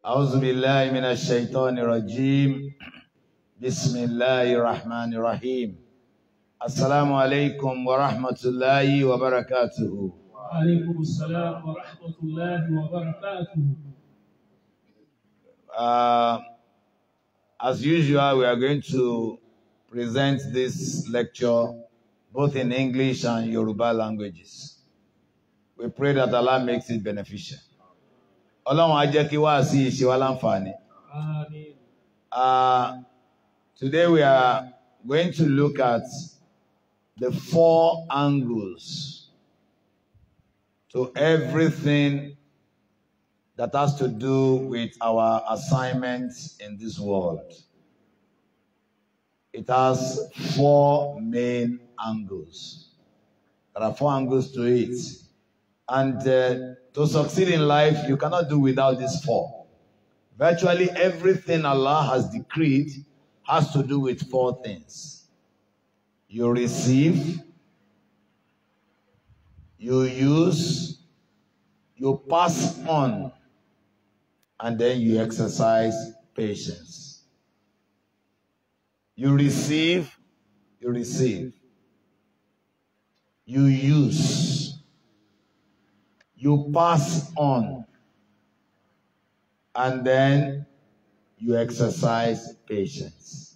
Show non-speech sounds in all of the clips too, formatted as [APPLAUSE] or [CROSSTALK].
أعوذ بالله من الشيطان الرجيم بسم الله الرحمن الرحيم السلام عليكم ورحمة الله وبركاته وعليكم السلام ورحمة الله وبركاته uh, As usual, we are going to present this lecture both in English and Yoruba languages. We pray that Allah makes it beneficial. Ọlọ́run á jẹ́ kí wá sí ìṣe wa si ise wa Ah, Today we are going to look at the four angles to everything that has to do with our assignments in this world. It has four main angles. There are four angles to it. And uh, to succeed in life, you cannot do without these four. Virtually everything Allah has decreed has to do with four things. You receive, you use, you pass on, and then you exercise patience. You receive, you receive. You use, you pass on, and then you exercise patience.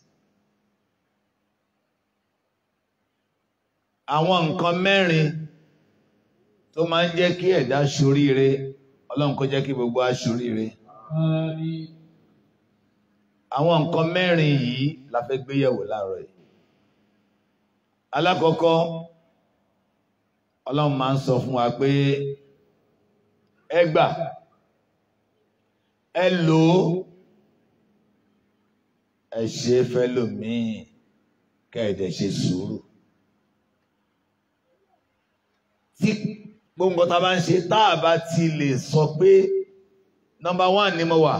Àwọn nǹkan mẹ́rin tó máa ń jẹ́ kí ẹ̀dá ṣoríire, Ọlọ́run kó jẹ́ kí gbogbo a ṣoríire. Àwọn nǹkan mẹ́rin yìí la fẹ́ gbéyẹ̀wò láàárọ̀ yìí. Alákọ̀ọ́kọ́, Ọlọ́run máa ń sọ fún wa pé ẹgbà ẹlò ẹ̀ṣẹ́ fẹ́lòmíì kẹ́ẹ̀dẹ̀ ṣe sùúrù tí gbogbo ta bá ń ṣe táà bá ti lè sọ pé nọmba one ni mo wà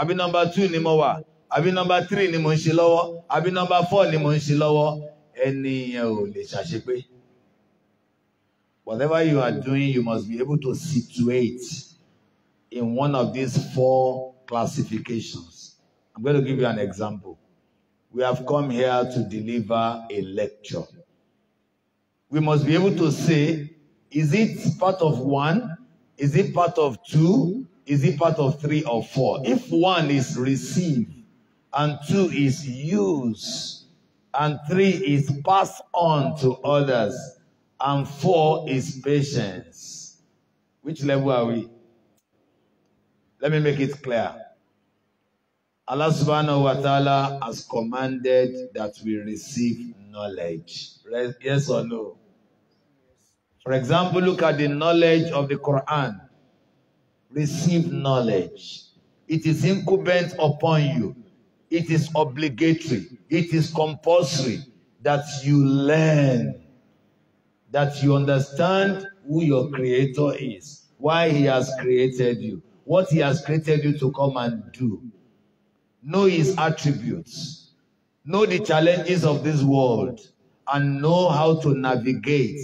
àbí nọmba two ni mo wà àbí nọmba three ni mo ń ṣe lọ́wọ́ àbí nọmba four ni mo ń ṣe lọ́wọ́ ẹni yẹn ò lè ṣàṣepé. Whatever you are doing, you must be able to situate in one of these four classifications. I'm going to give you an example. We have come here to deliver a lecture. We must be able to say, is it part of one? Is it part of two? Is it part of three or four? If one is received, and two is used, and three is passed on to others, and four is patience. Which level are we? Let me make it clear. Allah subhanahu wa ta'ala has commanded that we receive knowledge. Yes or no? For example, look at the knowledge of the Quran. Receive knowledge. It is incumbent upon you. It is obligatory. It is compulsory that you learn that you understand who your creator is, why he has created you, what he has created you to come and do. Know his attributes, know the challenges of this world, and know how to navigate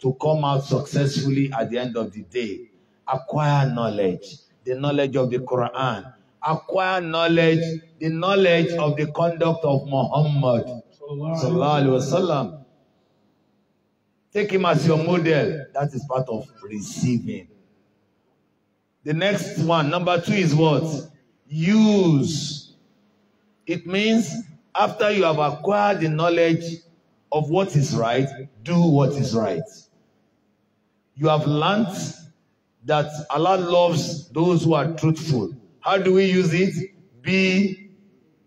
to come out successfully at the end of the day. Acquire knowledge, the knowledge of the Quran. Acquire knowledge, the knowledge of the conduct of Muhammad. Sallallahu Alaihi Wasallam Take him as your model. That is part of receiving. The next one, number two, is what? Use. It means after you have acquired the knowledge of what is right, do what is right. You have learned that Allah loves those who are truthful. How do we use it? Be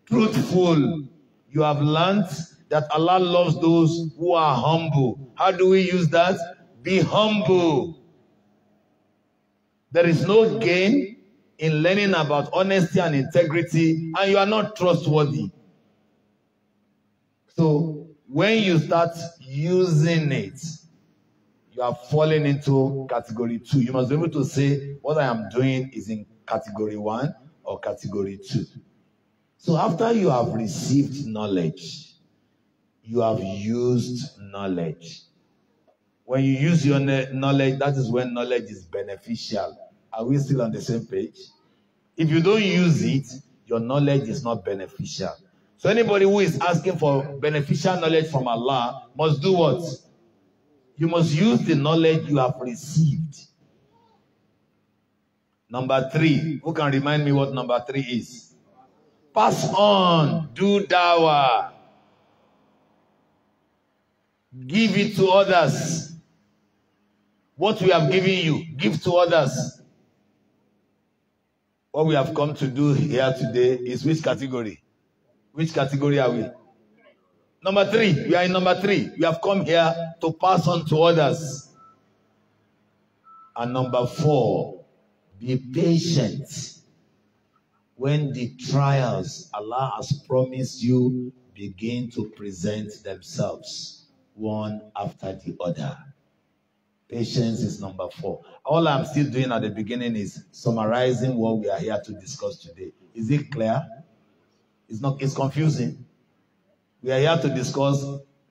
truthful. You have learned that Allah loves those who are humble. How do we use that? Be humble. There is no gain in learning about honesty and integrity, and you are not trustworthy. So, when you start using it, you are falling into category two. You must be able to say, What I am doing is in category one or category two. So, after you have received knowledge, you have used knowledge. When you use your knowledge, that is when knowledge is beneficial. Are we still on the same page? If you don't use it, your knowledge is not beneficial. So anybody who is asking for beneficial knowledge from Allah must do what? You must use the knowledge you have received. Number three, who can remind me what number three is? Pass on, do dawah. Give it to others. What we have given you, give to others. What we have come to do here today is which category? Which category are we? Number three. We are in number three. We have come here to pass on to others. And number four, be patient when the trials Allah has promised you begin to present themselves one after the other. Patience is number four. All I'm still doing at the beginning is summarizing what we are here to discuss today. Is it clear? It's not it's confusing. We are here to discuss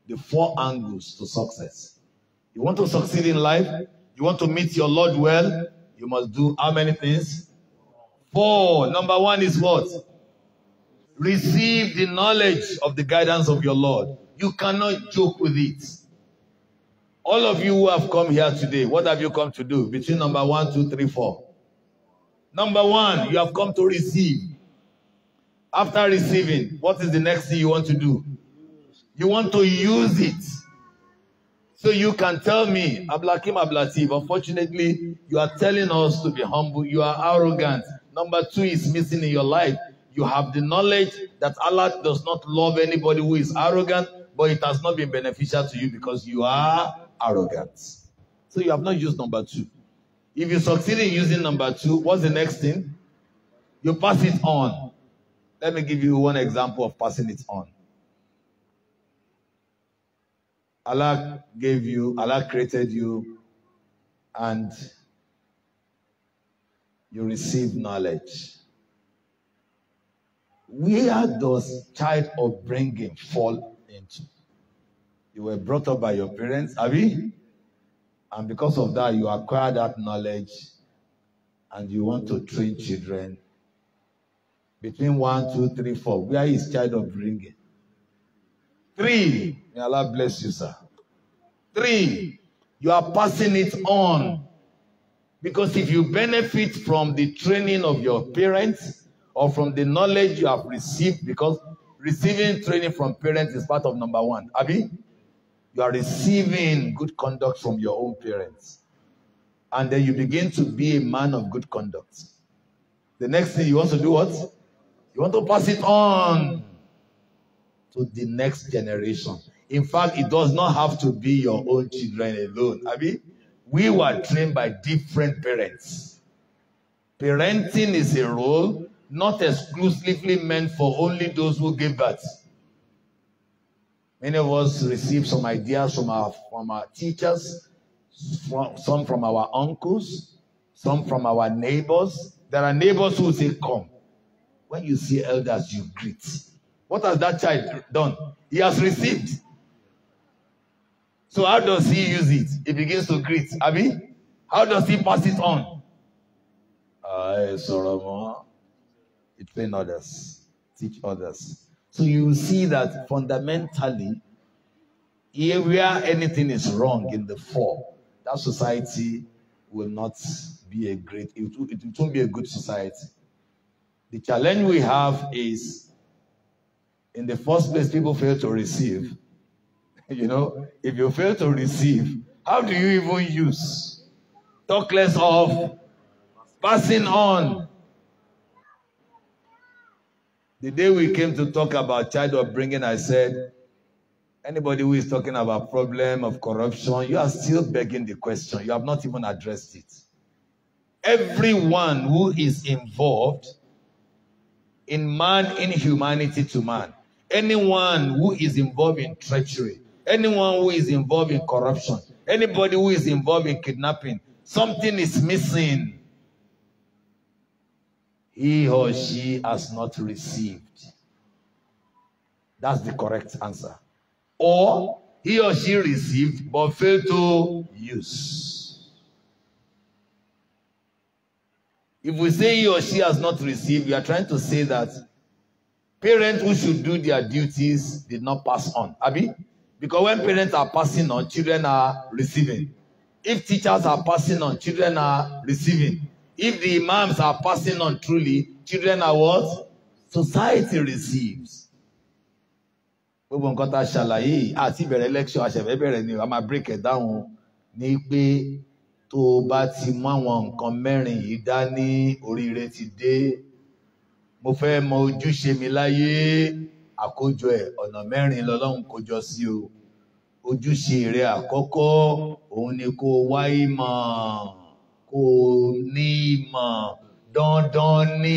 the four angles to success. You want to succeed in life, you want to meet your Lord well, you must do how many things? Four. Number one is what? Receive the knowledge of the guidance of your Lord. You cannot joke with it. All of you who have come here today, what have you come to do? Between number one, two, three, four. Number one, you have come to receive. After receiving, what is the next thing you want to do? You want to use it. So you can tell me, Ablakim Ablatif, unfortunately, you are telling us to be humble. You are arrogant. Number two is missing in your life. You have the knowledge that Allah does not love anybody who is arrogant but it has not been beneficial to you because you are arrogant. So you have not used number two. If you succeed in using number two, what's the next thing? You pass it on. Let me give you one example of passing it on. Allah gave you, Allah created you, and you receive knowledge. Where does child upbringing fall end. You were brought up by your parents, Abi, and because of that, you acquire that knowledge, and you want to train children between one, two, three, four. Where is child of bringing? Three. May Allah bless you, sir. Three. You are passing it on. Because if you benefit from the training of your parents or from the knowledge you have received, because Receiving training from parents is part of number one. Abby, you are receiving good conduct from your own parents. And then you begin to be a man of good conduct. The next thing you want to do what? You want to pass it on to the next generation. In fact, it does not have to be your own children alone. mean, we were trained by different parents. Parenting is a role not exclusively meant for only those who give birth. Many of us receive some ideas from our, from our teachers, from, some from our uncles, some from our neighbors. There are neighbors who say, Come. When you see elders, you greet. What has that child done? He has received. So, how does he use it? He begins to greet. Abby, how does he pass it on? Aye, Solomon train others, teach others. So you see that fundamentally, here where anything is wrong in the form, that society will not be a great, it won't be a good society. The challenge we have is, in the first place, people fail to receive. [LAUGHS] you know, if you fail to receive, how do you even use? Talk less of passing on. The day we came to talk about child upbringing, I said, anybody who is talking about problem of corruption, you are still begging the question. You have not even addressed it. Everyone who is involved in man, in humanity to man, anyone who is involved in treachery, anyone who is involved in corruption, anybody who is involved in kidnapping, something is missing he or she has not received. That's the correct answer. Or he or she received but failed to use. If we say he or she has not received, we are trying to say that parents who should do their duties did not pass on. Abi? Because when parents are passing on, children are receiving. If teachers are passing on, children are receiving. If the imams are passing on truly, children are what? Society receives. Gbogbo nǹkan tá a ṣàlàyé àti ìbẹ̀rẹ̀ lecture àṣẹ̀fẹ́ bẹ̀rẹ̀ ni a máa break it down ní pé tó o bá ti mú àwọn nǹkan mẹ́rin yìí dání oríire ti dé. Mo fẹ́ mọ ojúṣe mi láyé àkójọ ẹ̀ ọ̀nà mẹ́rin lọ́lọ́run kójọ sí o. Ojúṣe rẹ̀ àkọ́kọ́ òun ni kó wáyé mọ̀ kò ní ìmọ̀ dandan ni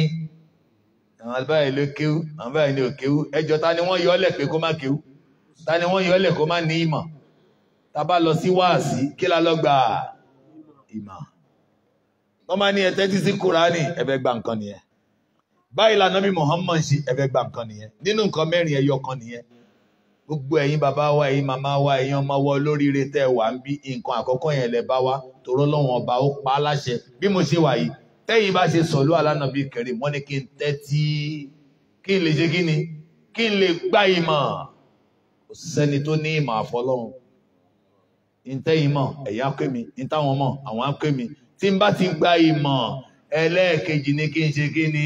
àwọn báyìí ló kéwú àwọn báyìí ni ò kéwú ẹjọ́ ta ni wọ́n yọ ọ́lẹ̀ pé kó má kéwú ta ni wọ́n yọ ọ́lẹ̀ kó má ní ìmọ̀ ta lọ sí wáàsí kí la lọ gba ìmọ̀ wọ́n máa ní ẹ tẹ́tí sí kúránì ẹ gba nǹkan nìyẹn báyìí lànà bí Muhammad ṣe ẹ gba nǹkan nìyẹn nínú nǹkan mẹ́rin ẹyọ kan nìyẹn gbogbo ẹ̀yin bàbá wa ẹ̀yin màmá wa ẹ̀yin ọmọ wa olóríire tẹ́ ẹ wà ń bí nǹkan àkọ́kọ́ yẹn lẹ bá wa tòró lọ́wọ́n ọba ó pa á láṣẹ bí mo ṣe wà yìí tẹ́yìn bá ṣe sọ̀lú alánàbí kẹrin wọ́n ní kí n tẹ́tí kí n lè ṣe kí ni kí n lè gbá ìmọ̀ kò sẹ́ni tó ní ìmọ̀ àfọlọ́run ntẹ́yìn mọ̀ ẹ̀yà pé mi ntáwọn mọ̀ àwọn á mi tí n bá ti gba ìmọ̀ ẹlẹ́ẹ̀kejì ni kí n ṣe kí ni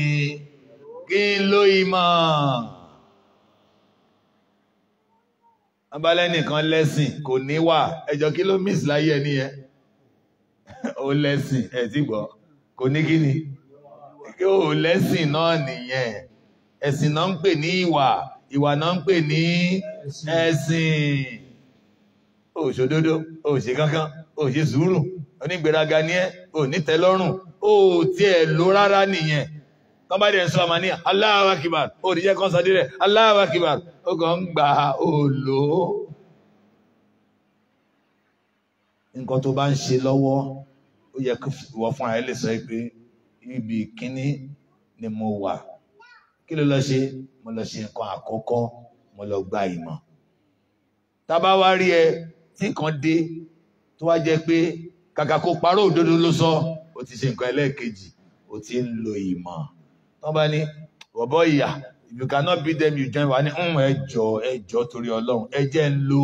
kí n lo ìmọ̀. abálẹ́nìkan lẹ́sìn kò níwà ẹjọ́ kí ló miss láyé ẹni yẹn ó lẹ́sìn ẹ̀ tí gbọ́ kò ní kí ni ó lẹ́sìn náà nìyẹn ẹ̀sìn náà ń pè ní ìwà ìwà náà ń pè ní ẹ̀sìn ó ṣòdodo ó ṣe kankan ó ṣe sùúrù onígbéraga ni ẹ́ ó nítẹ́lọ́rùn ó tiẹ̀ lò rárá nìyẹn tọ́ba dẹ̀ sọ́mà ní Allahu Akbar òrìjẹ́ kan sọ díẹ̀ Allahu Akbar ó kàn ń gbà òòlò. nǹkan tó bá ń ṣe lọ́wọ́ ó yẹ kí wọ́n fún ààrẹ lè sọ pé ibi kíní ni mo wà kí ló lọ ṣe mo lọ ṣe nǹkan àkọ́kọ́ mo lọ gba ìmọ̀ tá wá rí ẹ tí kan dé tó wá jẹ́ pé kàkà kó parọ́ òdodo ló sọ ó ti ṣe nǹkan ẹlẹ́ẹ̀kejì ó ti ń lo ìmọ̀ tán bá ní bọ̀bọ̀ ìyà ah, if you cannot beat them you join wa ní ń ẹjọ́ ẹjọ́ torí ọlọ́run ẹ jẹ́ ń lo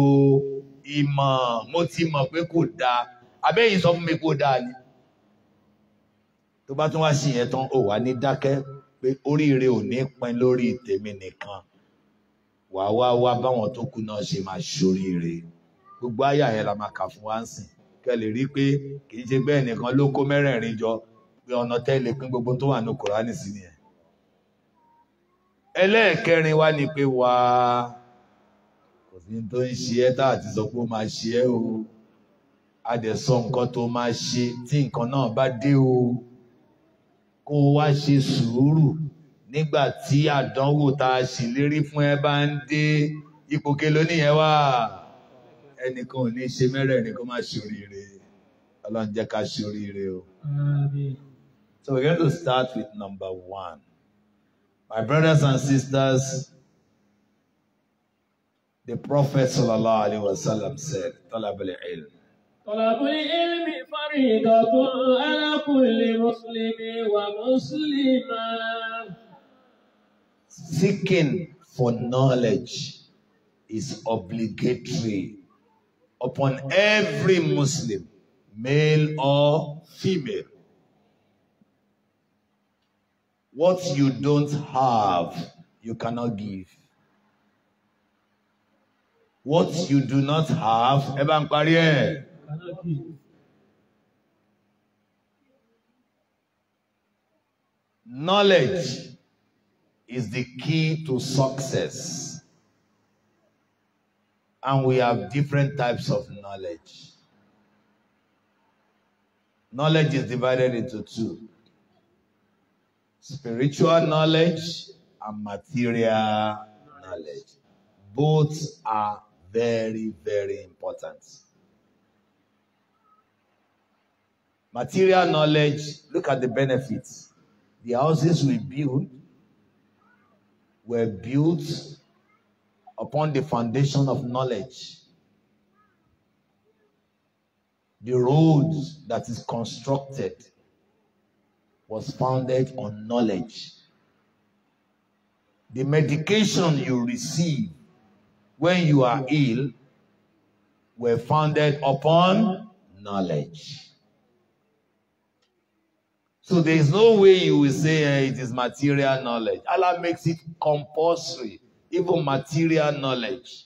ìmọ̀ mo ti mọ̀ pé kò dáa abẹ́yìn sọ fún mi kó dáa ni tó bá tún wá sí yẹn tán ó wà ní dákẹ́ pé oríire ò ní pin lórí tèmi nìkan wàá wá wá báwọn tó kù náà ṣe máa ṣoríire gbogbo àyà yẹn la máa kà fún wa ń sìn kẹ́ lè rí i pé kì í ṣe bẹ́ẹ̀ nìkan ló kó mẹ́rẹ̀ẹ̀rin jọ pé ọ̀nà tẹ́lẹ̀ pín gbogbo tó wà ní Kùránì sí nìyẹn ẹlẹ́ẹ̀kẹrin wá ní pé wà kò tó ń ṣe ẹ́ tá àti sọ pé ó máa ṣe ẹ́ o a nǹkan tó máa ṣe tí nǹkan náà bá dé o kó o wá ṣe sùúrù nígbà tí àdánwò tá a sì lérí fún ẹ bá ń dé ipò kelo níyẹn wá ẹnìkan ò ní ṣe mẹ́rẹ̀ẹ̀rin kó má ṣe oríire ọlọ́run jẹ́ ká ṣe oríire o. So we're going to start with number one. My brothers and sisters, the Prophet wasallam said, طلب العلم طلب العلم فريضة على كل مسلم ومسلمة Seeking for knowledge is obligatory upon every Muslim, male or female. What you don't have, you cannot give. What you do not have, ẹ bá Knowledge is the key to success. And we have different types of knowledge. Knowledge is divided into two. Spiritual knowledge and material knowledge. Both are very, very important. Material knowledge, look at the benefits. The houses we build were built upon the foundation of knowledge. The roads that is constructed was founded on knowledge. The medication you receive when you are ill were founded upon knowledge. So there is no way you will say hey, eh, it is material knowledge. Allah makes it compulsory, even material knowledge.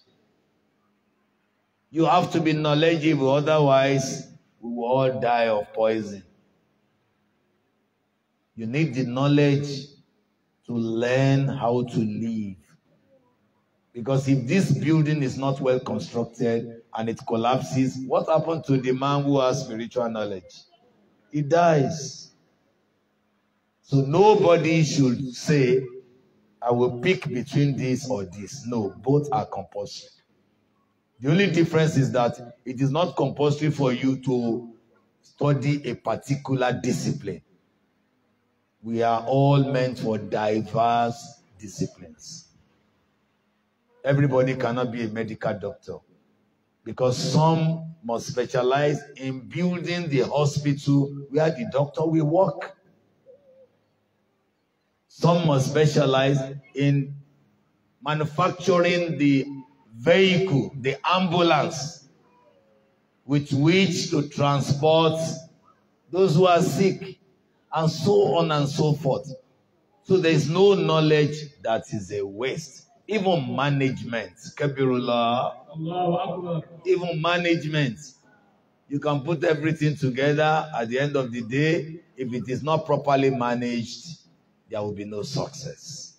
You have to be knowledgeable, otherwise, we will all die of poison. You need the knowledge to learn how to live. Because if this building is not well constructed and it collapses, what happened to the man who has spiritual knowledge? He dies. So nobody should say, I will pick between this or this. No, both are compulsory. The only difference is that it is not compulsory for you to study a particular discipline. We are all meant for diverse disciplines. Everybody cannot be a medical doctor because some must specialize in building the hospital where the doctor will work. Some must specialize in manufacturing the vehicle, the ambulance, with which to transport those who are sick. and so on and so forth. So there is no knowledge that is a waste. Even management, even management. You can put everything together at the end of the day. If it is not properly managed, there will be no success.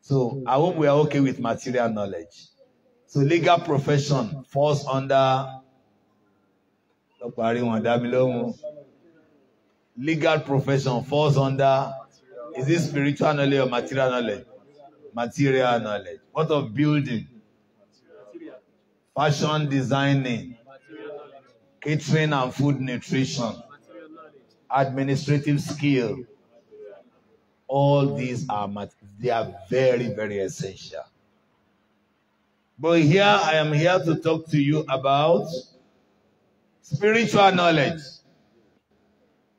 So I hope we are okay with material knowledge. So legal profession falls under. legal profession falls under is it spiritual knowledge or material knowledge? Material knowledge. What of building? Fashion designing, catering and food nutrition, administrative skill. All these are they are very very essential. But here I am here to talk to you about spiritual knowledge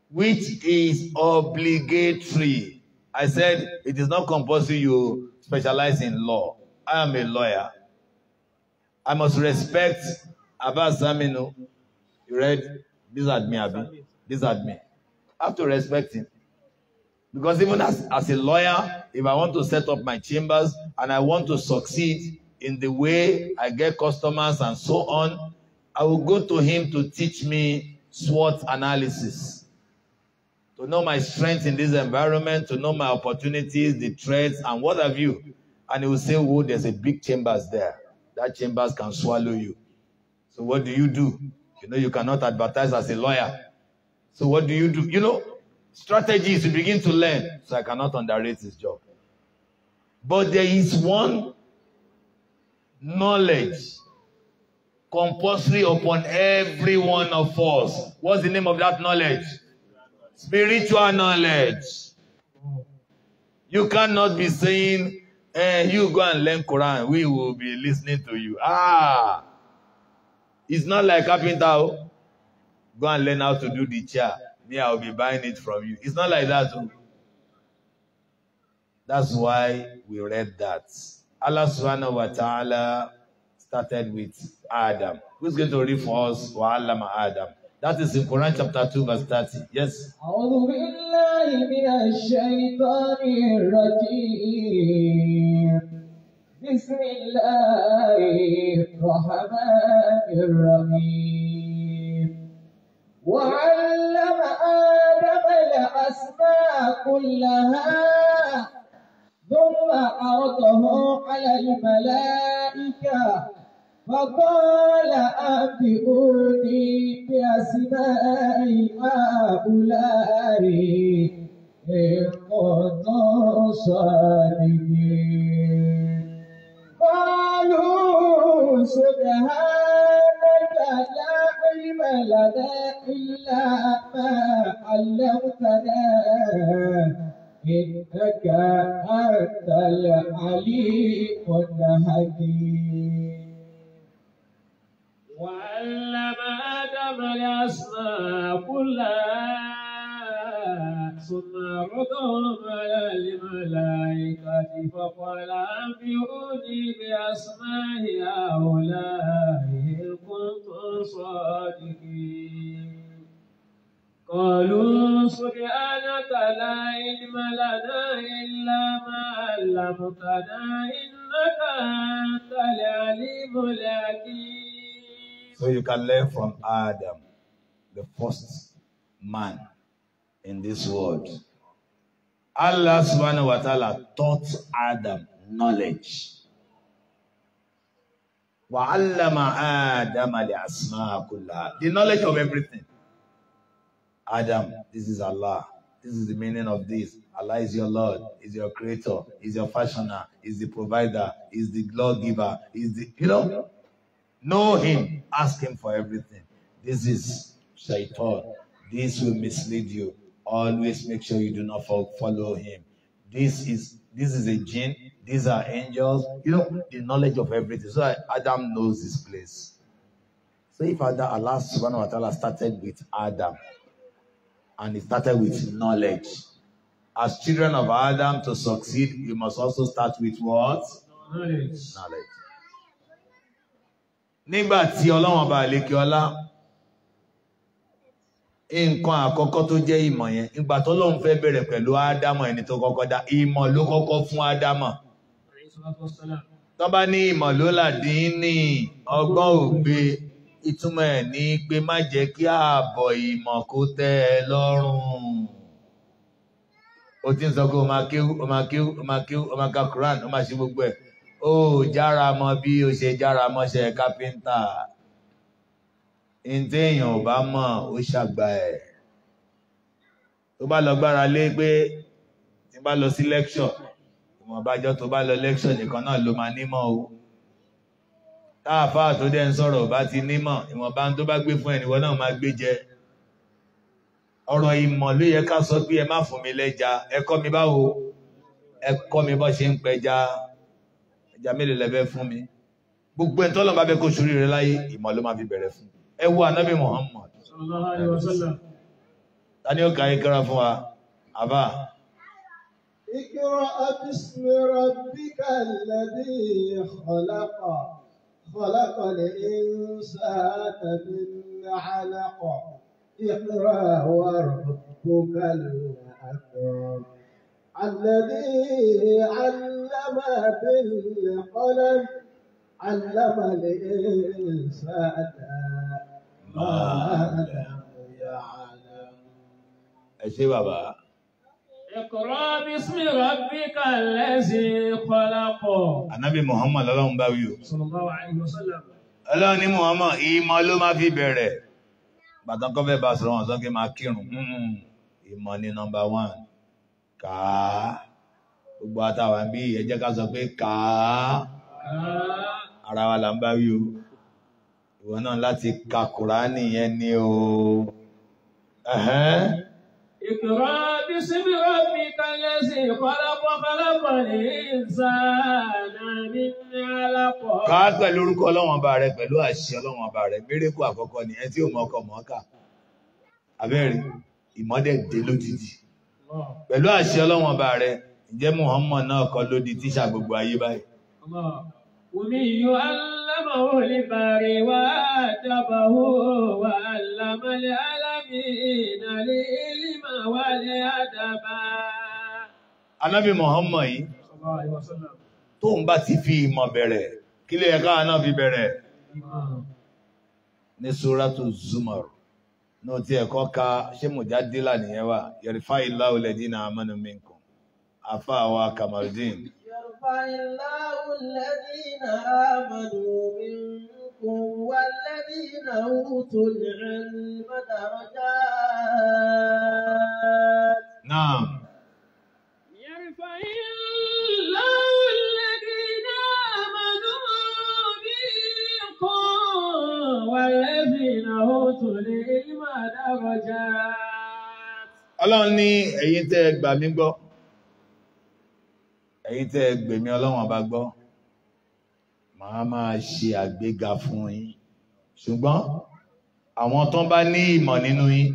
which is obligatory. I said it is not compulsory you specialize in law. I am a lawyer. I must respect Abbas Samino. You read? This at me, Abby. This at me. I have to respect him. Because even as, as a lawyer, if I want to set up my chambers and I want to succeed in the way I get customers and so on, I will go to him to teach me SWOT analysis to know my strength in this environment, to know my opportunities, the threats, and what have you. And he will say, Oh, there's a big chambers there. That chambers can swallow you. So what do you do? You know, you cannot advertise as a lawyer. So what do you do? You know, strategies to begin to learn. So I cannot underrate his job. But there is one knowledge compulsory upon every one of us. What's the name of that knowledge? spiritual knowledge. You cannot be saying, eh, you go and learn Quran, we will be listening to you. Ah! It's not like carpenter, oh. go and learn how to do the chair. Me, I will be buying it from you. It's not like that. Oh. That's why we read that. Allah subhanahu wa ta'ala started with Adam. Who's going to read for us? Wa Adam. That is in Quran chapter 2, verse 30. Yes. بسم الله الرحمن الرحيم وعلم آدم الأسماء كلها ثم عرضهم على الملائكة فقال أنبئوني بأسماء هؤلاء إن كنتم قالوا سبحانك لا علم لنا إلا ما علمتنا إنك أنت العليم الحكيم وعلم آدم الأسماء كلها ثم عرضهم على الملائكة فقال أنبئوني بأسماء هؤلاء إن كنتم صادقين قالوا سبحانك لا علم لنا إلا ما علمتنا إنك أنت العليم الحكيم So you can learn from Adam, the first man in this world. Allah subhanahu wa ta'ala taught Adam knowledge. وَعَلَّمَ آدَمَ لِأَسْمَاءَ كُلَّهَا The knowledge of everything. Adam, this is Allah. This is the meaning of this. Allah is your Lord, is your creator, is your fashioner, is the provider, is the lawgiver, is the, you know, Know him. Ask him for everything. This is shaitan. This will mislead you. Always make sure you do not follow him. This is this is a jinn. These are angels. You know, the knowledge of everything. So Adam knows his place. So if Adam, Allah subhanahu wa ta'ala started with Adam and he started with knowledge. As children of Adam to succeed, you must also start with what? Knowledge. knowledge. nígbà tí ọlọ́wọ́n bá lékè ọlá nǹkan àkọ́kọ́ tó jẹ́ ìmọ̀ yẹn nígbà tó lóun fẹ́ bẹ̀rẹ̀ pẹ̀lú ádámọ̀ ẹni tó kọ́kọ́ dá ìmọ̀ ló kọ́kọ́ fún ádámọ̀ tó bá ní ìmọ̀ ló làdín ní ọgbọ́n ògbé ìtumọ̀ ẹ̀ ní pé má jẹ́ kí ààbọ̀ ìmọ̀ kó tẹ́ ẹ lọ́rùn o ti ń sọ pé o máa kéwú o máa kéwú o máa kéwú o máa ka Quran o máa ṣe gbogbo ẹ̀ ó jára mọ bí ó ṣe jára mọ́ṣẹ́ kápẹ́ńtà ní tí èèyàn ò bá mọ̀ ó ṣàgbà ẹ̀ tó bá lọ gbára lé pé tí bá lọ sí lecture ìwọ̀nbájọ́ tó bá lọ lecture nìkan náà ló máa nímọ̀ o táàfáà tó dẹ́ ń sọ̀rọ̀ bá ti nímọ̀ ìwọ̀nba tó bá gbé fún ẹnìwọ́ náà máa gbé jẹ ọ̀rọ̀ ìmọ̀ ló yẹ ká sọ pé ẹ má fún mi lẹ́ja ẹ kọ́ mi báwo ẹ kọ́ mi bọ́ ṣe ń pẹja ẹja mélòó lẹ́fẹ́ fún mi gbogbo ẹni tọ́lọ́run bá fẹ́ kó sórí rẹ láyé ìmọ̀ ló máa fi bẹ̀rẹ̀ fún ẹ wo anábì Muhammad tani ó ka ikra fún wa àbá. اقرأ باسم ربك الذي خلق خلق الإنسان من علق اقرأ وربك الأكرم الذي علم بالقلم علم الإنسان ما لم يعلم أشي بابا اقرأ باسم ربك الذي خلق النبي محمد الله مباويو صلى الله عليه وسلم الله ni Muhammad ìmọ̀ ló máa fi bẹ̀rẹ̀ bàtàn kọ́fẹ́ bá sọ̀rọ̀ wọn sọ́kè máa kírun ìmọ̀ ni nọ́mbà one kàá gbogbo àtàwà bí ẹ jẹ́ ká sọ pé kàá ara wa là ń bá wí ìwọ náà láti ka Kùránì yẹn ni o. Iqra bismi rabbika allazi khalaq khalaqal insana min 'alaq. Ká pẹ̀lú orúkọ Ọlọ́run Ọba rẹ pẹ̀lú àṣẹ Ọlọ́run Ọba rẹ mérekù àkọ́kọ́ nìyẹn tí ò mọ ọkọ̀ mọ́ọ́kà. Abẹ́rẹ́ ìmọ́dẹ̀ dé lójijì pẹ̀lú àṣẹ ọlọ́wọ́n bá rẹ̀ ǹjẹ́ Muhammad náà kọ́ ló di tíṣà gbogbo ayé báyìí. أمي Muhammad yìí tó ń bá ti fi ìmọ̀ bẹ̀rẹ̀ kí ló yẹ ká náà fi bẹ̀rẹ̀ ní Suratu Zumar ní ti ẹ̀kọ́ ka ṣé mujadila nìyẹn wa yorùfá ilá olè dín náà amánu minkum afa wa kamarudin. yorùfá ilá olè dín náà amánu minkum والذين أوتوا العلم درجات. نعم. ọlọ́run ní ẹ̀yin tẹ́ ẹ gbà mí gbọ́ ẹ̀yin tẹ́ ẹ gbèmí ọlọ́run ọba gbọ́ màá máa ṣe àgbéga fún yín ṣùgbọ́n àwọn tán bá ní ìmọ̀ nínú yín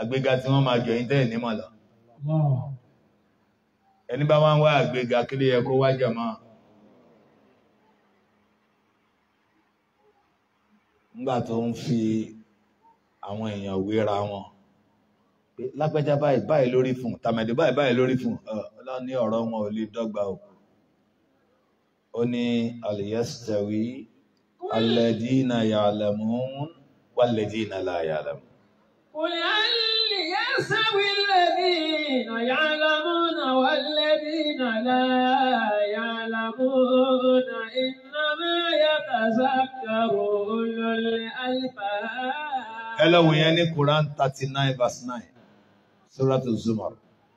àgbéga tí wọ́n máa jọ yín tẹ́ ẹ lọ ẹni bá wá wá àgbéga kí ló kó wá jàmá nígbà tó ń fi àwọn èèyàn wéra wọn lágbájá báyìí báyìí lórí fún tàmẹ̀dù báyìí báyìí lórí fún ọlọ́run ní ọ̀rọ̀ wọn ò lè dọ́gba o ó ní àlìyẹ́sítẹ̀wì alẹ́dínà yàlẹ̀mú wàlẹ́dínà láyàlẹ̀mú. قل هل يستوي الذين يعلمون والذين لا يعلمون إنما يتذكر أولو الألباب Hello, lọ wò yẹn Quran 39 nine 9, nine Suratul Zumar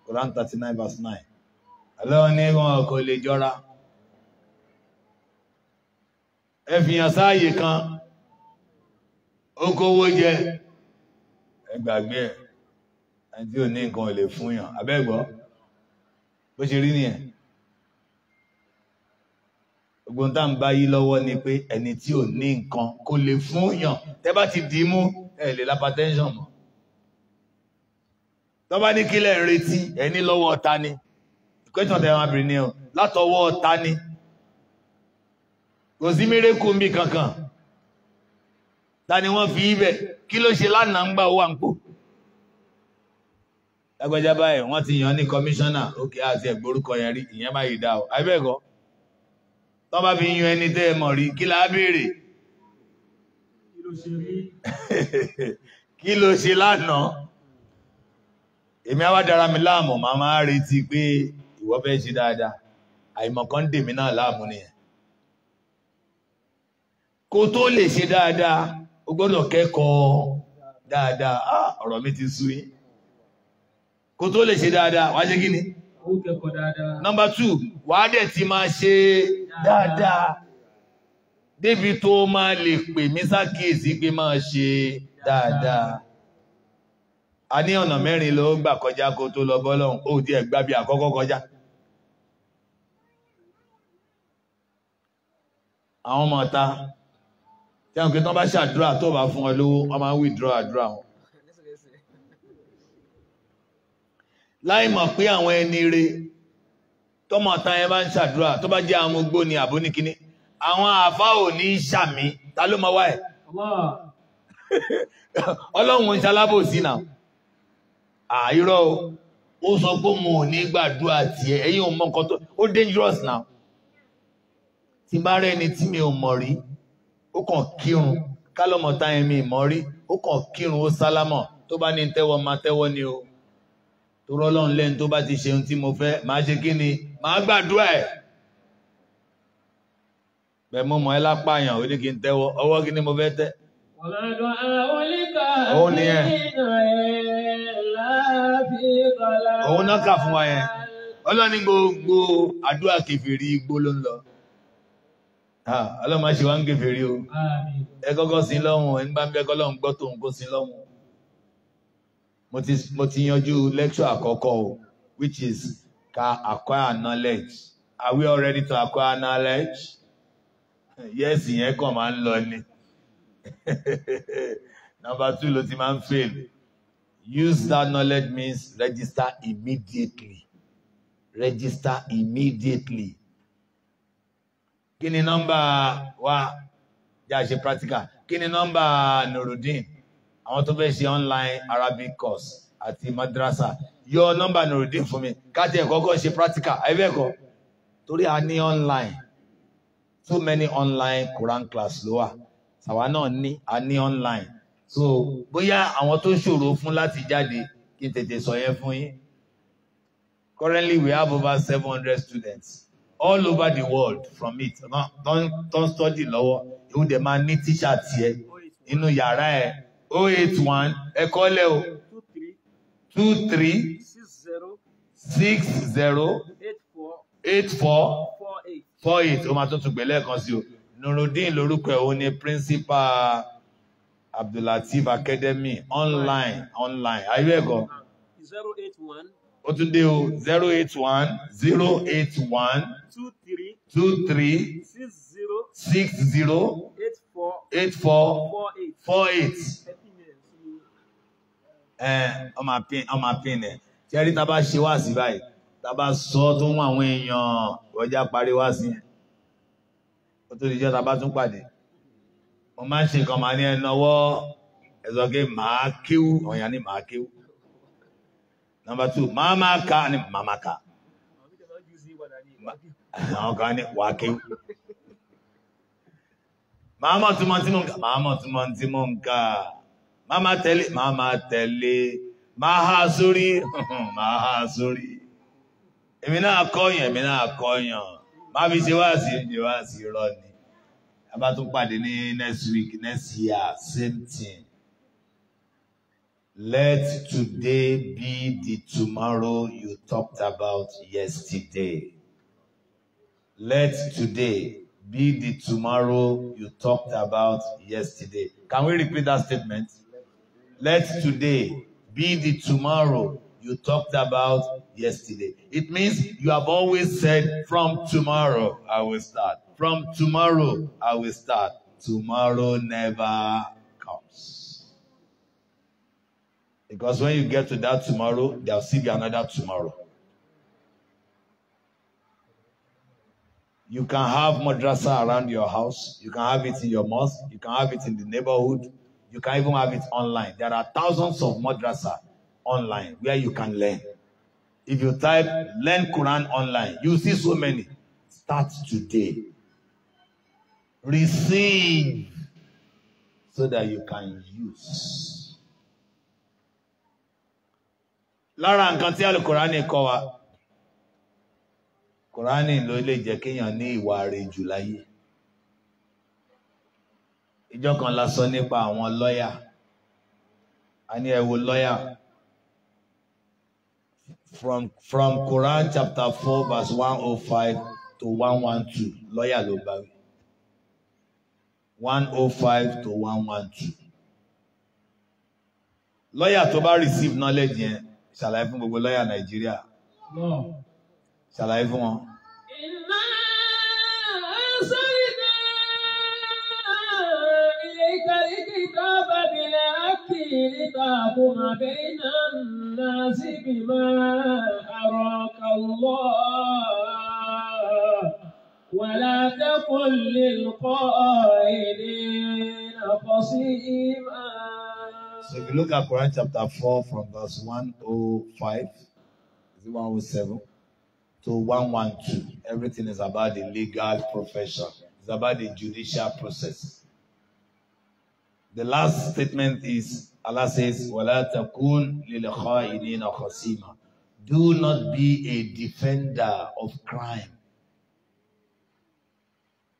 Quran 39 nine verse nine ọlọ́run ní wọn kò lè jọra ẹ fìyàn sáàyè kan ó kówó jẹ ẹ gbàgbé ẹ ẹni tí ò ní nǹkan ò lè fún yàn abẹ́gbọ́ bó ṣe rí nìyẹn ogun tá ń bá yí lọ́wọ́ ni pé ẹni tí ò ní nǹkan kò lè fún yàn tẹ́ bá ti dì í mú ẹ lè lápá tẹ́ńsàn mọ́ tọ́ba ní kílẹ̀ ń retí ẹni lọ́wọ́ ta ni question tẹ̀ máa bèrè ni ọ látọwọ́ ta ni kò sí mérekù mi kankan ta ni wọ́n fi ibẹ̀ kí ló ṣe lánàá ń gbà owó àǹpò lágbájá báyìí wọ́n ti yàn ní kọmíṣánná òkè àti ẹ̀gbórúkọ yẹn rí ìyẹn má yìí dá o àbẹ́ẹ̀kọ́ tọ́ba fi yan ẹni tẹ́ ẹ mọ̀ rí kí la béèrè kí ló ṣe rí [LAUGHS] kí ló ṣe lánàá èmi á wá dára mi láàmú màá máa retí pé ìwọ fẹ́ ṣe dáadáa àìmọ̀kan dèmi náà láàmú nìyẹn kó tó lè ṣe dáadáa o gbọ́dọ̀ kẹ́kọ̀ọ́ dáadáa ọ̀rọ̀ mi ti sú yín kó tó lè ṣe dáadáa wá ṣe kí ni nọ́mbà 2 wàá dẹ̀ ti máa ṣe dáadáa débi tó máa lè pè mí sákèsí pé máa ṣe dáadáa a ní ọ̀nà mẹ́rin ló gbà kọjá kó tó lọ bọ́lọ́hun ó ti ẹ̀gbá bí àkọ́kọ́ kọjá àwọn ọmọ ọ̀ta tí àwọn kìtàn bá ṣàdúrà tó bá fún ọ lówó wọ́n máa ń withdraw àdúrà wọn láì mọ̀ pé àwọn ẹni re tọmọ ọ̀ta yẹn bá ń ṣàdúrà tó bá jẹ́ àwọn ọmọ ogbó ni àbóníkíní àwọn àfá ò ní ṣàmì ta ló máa wá ẹ̀ [LAUGHS] ọlọ́run ń ṣalábò sí náà àìrọ́ ó sọ pé mo ò ní gbàdúrà tí ẹ ẹ̀yìn ò mọ́ nǹkan tó ó dangerous now tí bá rẹ́ ni tí mi ò mọ̀ rí ó kàn kírun kálọ̀mọ̀ táyẹn mi mọ̀ rí ó kàn kírun ó sálámọ̀ tó bá ní tẹ́wọ́ máa tẹ́wọ́ ni o tó rọ́lọ́run lẹ́nu tó bá ti ṣe ohun tí mo fẹ́ máa ṣe kí ni máa gbàdúrà ẹ̀ bẹ mọ mọ ẹ yàn ó ní kí n tẹ́wọ́ ọwọ́ kí ni mo fẹ́ tẹ́. òun ni ẹ òun náà kà fún wa yẹn ọlọ́ni gbogbo àdúrà ṣe ń ẹ kọ́kọ́ ẹni bá ń gbọ́ mo ti yanjú àkọ́kọ́ o which is ka acquire knowledge are we all to acquire knowledge. yẹ́sì yẹn kàn máa ń lọ ni [LAUGHS] number two ló ti máa ń fail use that knowledge means register immediately register immediately kí ni nọ́mbà wa já ṣe practical kí ni nọ́mbà Nurudeen àwọn tó fẹ́ ṣe online Arabic course àti madrasa yọ nọ́mbà Nurudin fún mi ká tiẹ̀ kọ́kọ́ ṣe practical àìbẹ́ẹ̀kọ́ torí a ní online too many online Quran class ló wà àwa náà ní a ní online so bóyá àwọn tó ṣòro fún láti jáde kí n tètè sọ yẹn fún yín currently we have over seven hundred students all over the world from it tó ń study lọ́wọ́ ìwú dẹ̀ máa ní tíṣà tiẹ̀ nínú yàrá ẹ̀ o oh eight one ẹ̀kọ́ lẹ́ o two three six zero eight four poet ó máa tún tún pè lẹ́ẹ̀kan sí o nurudeen lórúkọ ẹ̀ òun ni principal abdulateef academy online online ayé ẹ̀kọ́. zero eight one. ó tún dé o zero eight one zero eight one. two three. two three. six zero. six zero. eight four. eight four. four eight. four eight. ẹ ọmọ pin ọmọ pin ẹ ṣe é rí tá a bá ṣe wá sí báyìí tàbá sọ tó mú àwọn èèyàn ọjà parí wá sí ẹ̀ ó tó dìjọ́ tàbá tún pàdé mo máa ń ṣe nǹkan máa ní ẹnáwọ́ ẹ̀sọ́ pé màá kíw ọ̀yàn ní màá kíw nọ́mbà tù máa máa ka ní màá máa ka àwọn kan ní wàá kíw màá mọ̀ túmọ̀ tí mò ń kà màá mọ̀ túmọ̀ tí mò ń kà màá máa tẹ̀lé màá máa tẹ̀lé màá há sórí [LAUGHS] màá há sórí èmi náà kọ́yàn èmi náà kọ́yàn má fi ṣe wá sí ṣe wá sí rọ ni a bá tún pàdé ní next week next year same thing let today be the tomorrow you talked about yesterday let today be the tomorrow you talked about yesterday can we repeat that statement let today be the tomorrow you talked about yesterday. It means you have always said, from tomorrow I will start. From tomorrow I will start. Tomorrow never comes. Because when you get to that tomorrow, there'll still be another tomorrow. You can have madrasa around your house. You can have it in your mosque. You can have it in the neighborhood. You can even have it online. There are thousands of madrasa online where you can learn. If you type learn Quran online, you see so many. Start today. Receive so that you can use. Lára nǹkan tí Alukurani kọ́ wa, Kurani ló lè jẹ́ kéèyàn ní ìwà rẹ̀ jù láyé. Ìjọ kan la sọ nípa àwọn lọ́yà. A ní ẹ wo lọ́yà from from Quran chapter four verse one oh five to one one two lọ́yà ló bá wí one oh five to one one two lọ́yà tó bá receive knowledge yẹn ṣàlàyé fún gbogbo lọ́yà Nàìjíríà ṣàlàyé fún wọn. ìmọ̀ ẹ̀ sọ́yà. بين الناس بما أراك الله ولا تقل So if you look at Quran chapter 4 from verse 105, 107 to 112, everything is about the legal profession. It's about the judicial process. The last statement is Allah says, وَلَا تَكُونْ لِلْخَائِنِينَ خَصِيمًا Do not be a defender of crime.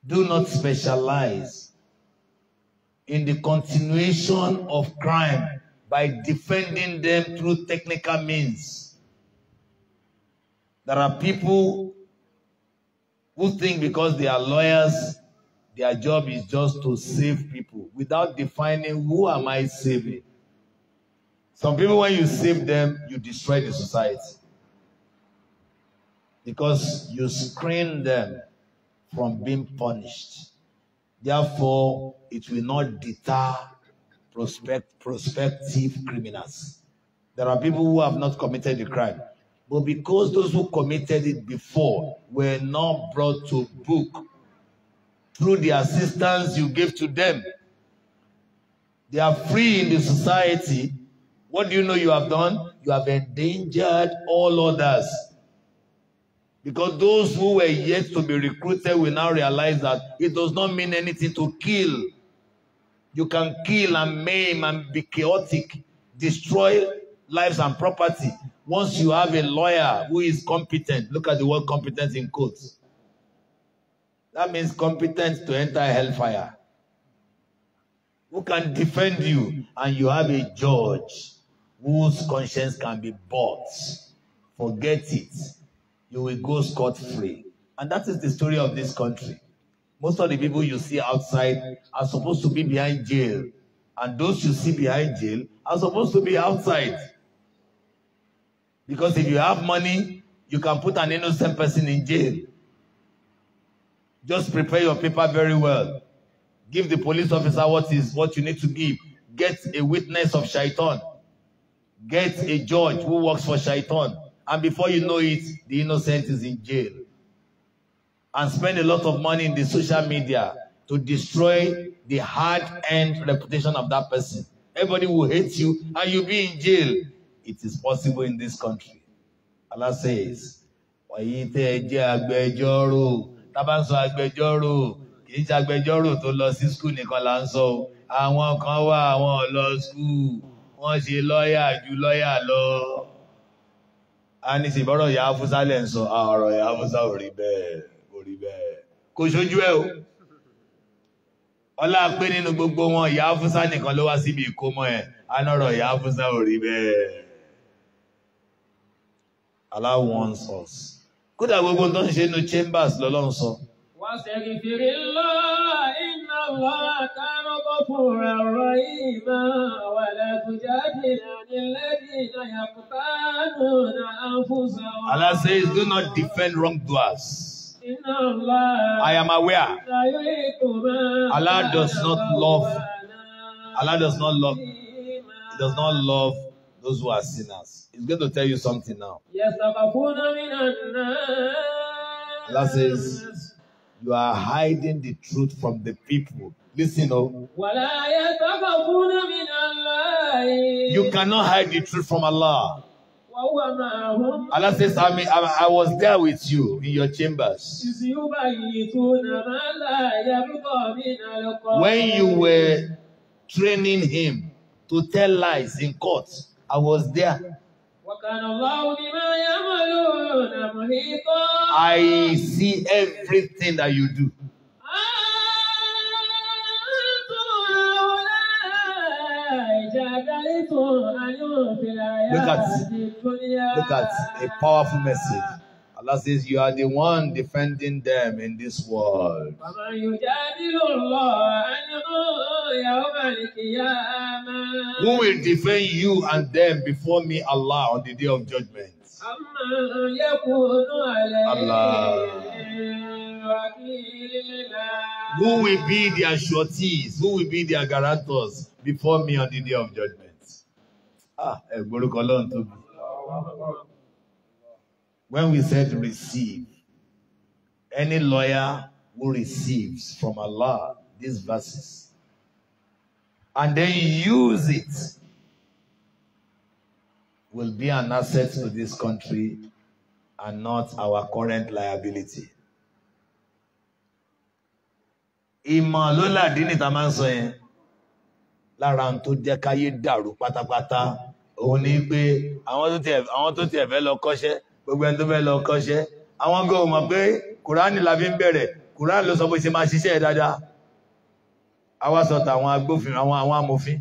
Do not specialize in the continuation of crime by defending them through technical means. There are people who think because they are lawyers, Their job is just to save people without defining who am I saving. Some people, when you save them, you destroy the society. Because you screen them from being punished. Therefore, it will not deter prospect, prospective criminals. There are people who have not committed the crime. But because those who committed it before were not brought to book through the assistance you give to them. They are free in the society. What do you know you have done? You have endangered all others. Because those who were yet to be recruited will now realize that it does not mean anything to kill. You can kill and maim and be chaotic, destroy lives and property. Once you have a lawyer who is competent, look at the word competent in quotes that means competence to enter hellfire. Who can defend you and you have a judge whose conscience can be bought. Forget it. You will go scot-free. And that is the story of this country. Most of the people you see outside are supposed to be behind jail. And those you see behind jail are supposed to be outside. Because if you have money, you can put an innocent person in jail. Just prepare your paper very well. Give the police officer what is what you need to give. Get a witness of Shaitan. Get a judge who works for Shaitan. And before you know it, the innocent is in jail. And spend a lot of money in the social media to destroy the hard-earned reputation of that person. Everybody will hate you and you'll be in jail. It is possible in this country. Allah says, tábà ń sọ agbẹjọ́rò kì í ṣe agbẹjọ́rò tó lọ sí skul nìkan là ń sọ o àwọn kan wà àwọn ò lọ skul wọ́n ṣe lọ́yà ju lọ́yà lọ. a ní sì bọ́rọ̀ ìyá haúsá lẹ̀ ń sọ ọ̀rọ̀ ìyá haúsá ò rí bẹ́ẹ̀ ò rí bẹ́ẹ̀ kò ṣojú ẹ̀ o. ọlá pé nínú gbogbo wọn ìyá haúsá nìkan ló wá síbi ìkómọ ẹ̀ anọ̀rọ̀ ìyá haúsá ò rí bẹ́ẹ̀. Allah wants us kódà gbogbo tó ń ṣe inú chambers lọ́lọ́run sọ. wà á ṣẹ́gi lọ iná lọ àkàrọ̀bọ̀ fúnra ọ̀rọ̀ yìí máa wà lákùjá dìrà nílẹ́dì náà yàkùtà náà àǹfùsà wọn. Allah says do not defend wrong wrongdoers. I am aware. Allah does not love. Allah does not love. He does not love those who are sinners. He's going to tell you something now. Allah says, You are hiding the truth from the people. Listen, oh. You cannot hide the truth from Allah. Allah says, I, mean, I, I, was there with you in your chambers. When you were training him to tell lies in court, I was there. I see everything that you do. Look at, look at a powerful message. Allah says, You are the one defending them in this world. Who will defend you and them before me, Allah, on the day of judgment? Allah. Who will be their sureties? Who will be their guarantors before me on the day of judgment? Ah, When we said receive, any lawyer who receives from Allah these verses. and then use it will be an asset to this country and not our current liability. Ìmọ̀ ló làdí ní ta máa ń sọ yẹn. Lára ohun tó jẹ́ káyé dàrú pátápátá, òun ni pé àwọn tó tiẹ̀ fẹ́ lọ kọ́ṣẹ́, gbogbo ẹni tó fẹ́ lọ kọ́ṣẹ́, àwọn gan mọ̀ pé Kùránì la fi ń bẹ̀rẹ̀, Kùránì ló sọ bó ṣe máa ṣiṣẹ́ dáadáa awásọ̀tà àwọn agbófinró àwọn àwọn amòfin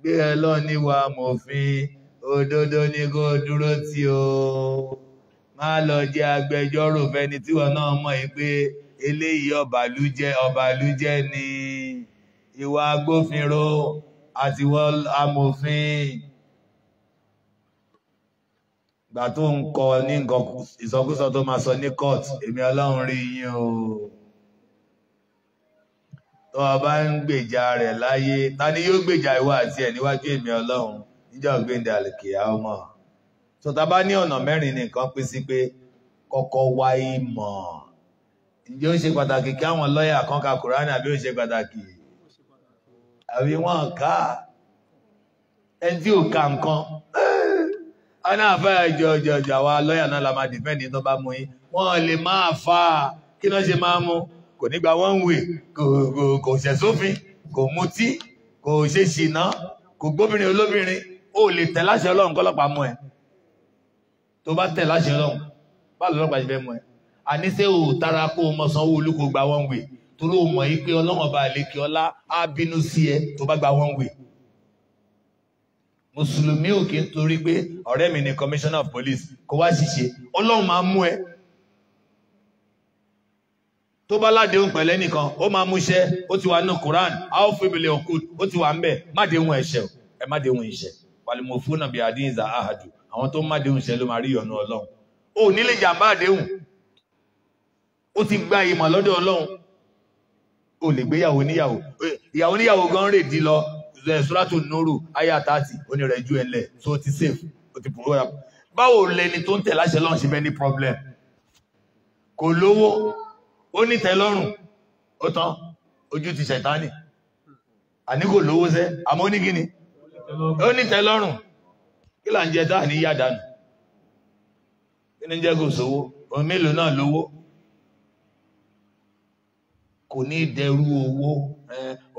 gbé ẹ lọ níwà amòfin òdodo ni kó dúró tí o má lọ jẹ agbẹjọ́rò fẹni tíwọ náà mọ̀ yìí eléyìí ọbàlújẹ ọbàlújẹ ni ìwà agbófinró àtiwọ amòfin gbà tó ń kọ ní nǹkan ìsọkúsọ tó máa sọ ní court èmi ọlọ́run rí yín o tó o bá ń gbèjà rẹ̀ láyé ta ni yóò gbèjà ìwọ àti ẹ̀ níwájú èmi ọlọ́run níjọ́ gbéǹde àlèkèyà ọmọ tó ta bá ní ọ̀nà mẹ́rin nìkan pín sí pé kọ́kọ́ wá ìmọ̀ ǹjẹ́ ó ṣe pàtàkì kí àwọn lọ́yà kan ka kùránì àbí ó ṣe pàtàkì àbí wọ́n ká ẹni tí ò ka nǹkan a náà fẹ́ jọjọjọ àwa lọ́yà náà la máa dìfẹ́ǹdì tó bá mú yín wọ́n lè máa fa kí náà ṣe máa mú kò nígbà one way kò ṣẹ̀ sófin kò mutí kò ṣe ṣìnà kò gbóbìnrin olóbìnrin ó lè tẹ̀ láṣẹ ọlọ́run kọ́lọ́pàá mú ẹ tó bá tẹ̀ láṣẹ ọlọ́run bá lọ́lọ́pàá ṣe fẹ́ mú ẹ àníṣe ò tara kó o mọ sanwó olú kó gba one way torí o mọ̀ yí pé ọlọ́run ọba àlekè ọlá á bínú sí ẹ tó bá gba one way mùsùlùmí ò torí pé ọ̀rẹ́ mi ni commissioner of police kò wá ṣiṣẹ́ ọlọ́run máa mú ẹ tó bá ládéhùn pẹ̀lẹ́ nìkan ó máa múṣẹ́ ó ti wà nínú Quran how family of good ó ti wà ń bẹ̀ má déhùn ẹ̀ṣẹ̀ ẹ má déhùn ìṣẹ̀ wàlùmọ̀ fún nàbí àdínzà àhàdù àwọn tó má déhùn ìṣẹ̀ ló máa rí ìyọnu Ọlọ́run ó nílé jàmbá àdéhùn ó ti gba ìmọ̀ lọ́dọ̀ Ọlọ́run ó lè gbéyàwó níyàwó ìyàwó níyàwó gan rè di lọ Suratu Nuru aya tààtì onírẹ̀jú ẹlẹ̀ tó ti safe ó ti pòwúrà báwo lẹni tó ń tẹ̀ láṣẹ lọ́n problem kò ó ní ó tán ojú ti ṣẹ̀tánì àní kò lówó sẹ́ àmọ́ ó ní kí là ń jẹ táà ní yàdánù kí ni jẹ sówó òun mélòó náà lówó kò ní dẹrú owó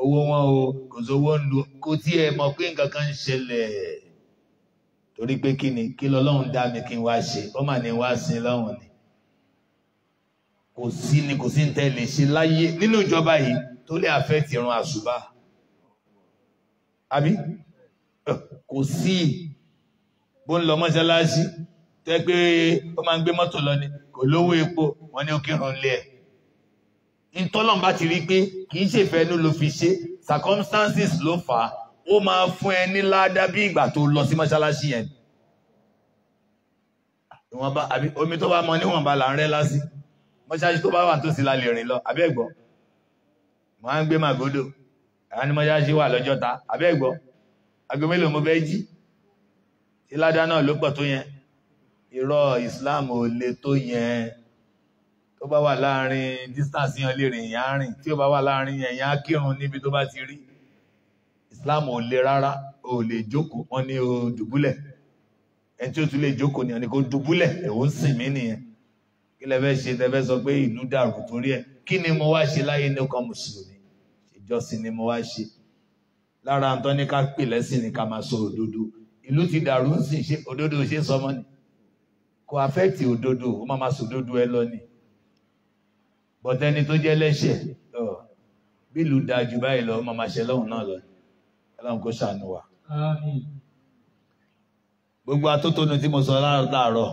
owó wọn o kò sówó ń lu kò tí ẹ mọ̀ pé nǹkan kan ń mi kí n wá ṣe wá sin ni kò sí ni kò sí ní tẹ́lẹ̀ ṣe láyé nínú ìjọba yìí tó lè affect ìrun àṣùbà àbí kò sí bó ń lọ mọ́ṣáláṣí tẹ́ pé ó máa ń gbé mọ́tò lọ ni kò lówó epo wọ́n ní ó kírun lé ẹ̀ ìtọ́lọ́n bá ti rí pé kì í ṣèfẹ́ inú ló fi ṣe circumstances ló fà á ó máa fún ẹ ní ládá bí ìgbà tó lọ sí mọ́ṣáláṣí yẹn ìwọ̀nba àbí omi tó bá mọ níwọ̀nba là ń rẹ́ lásìkò mọ́ṣáláṣí tó bá wà tó sì la lè rìn lọ abẹ́gbọ́ mo á ń gbé màgódò àwọn ní mọ́ṣáláṣí wà lọ́jọ́ ta abẹ́gbọ́ aago mélòó mo fẹ́ jí ṣé ládá náà ló pọ̀ tó yẹn irọ́ Islam ò le tó yẹn tó bá wà láàrin distance yẹn lè rìn yẹn á rìn tí ó bá wà láàrin yẹn yẹn á kírun níbi tó bá ti rí Islam ò le rárá ò lè jókòó wọn ní o dùbúlẹ̀ ẹni tí ó tún lè jókòó ni wọn ni kò dùbúlẹ̀ ẹ̀wọ̀n sìn mí nìyẹn kí lẹ fẹ́ ṣe tẹ́fẹ́ sọ pé ìlú dàrú torí ẹ̀ kí ni mo wá ṣe láyé ní ọkàn mùsùlùmí ìjọsìn ni mo wá ṣe lára ǹtọ́ ní ká pè lẹ́sìn ni ká máa sọ òdodo ìlú ti dàrú ń sìn ṣe òdodo ṣe sọmọ ni kò àfẹ́ẹ̀tì òdodo ó máa máa sọ òdodo ẹ lọ ni bọ̀tẹ́ni tó jẹ́ lẹ́ṣẹ̀ bí ìlú da jù báyìí lọ ó máa máa ṣe lọ́hùn náà lọ ẹlọ́run kó ṣàánú wa. gbogbo atótónu tí mo sọ láàárọ̀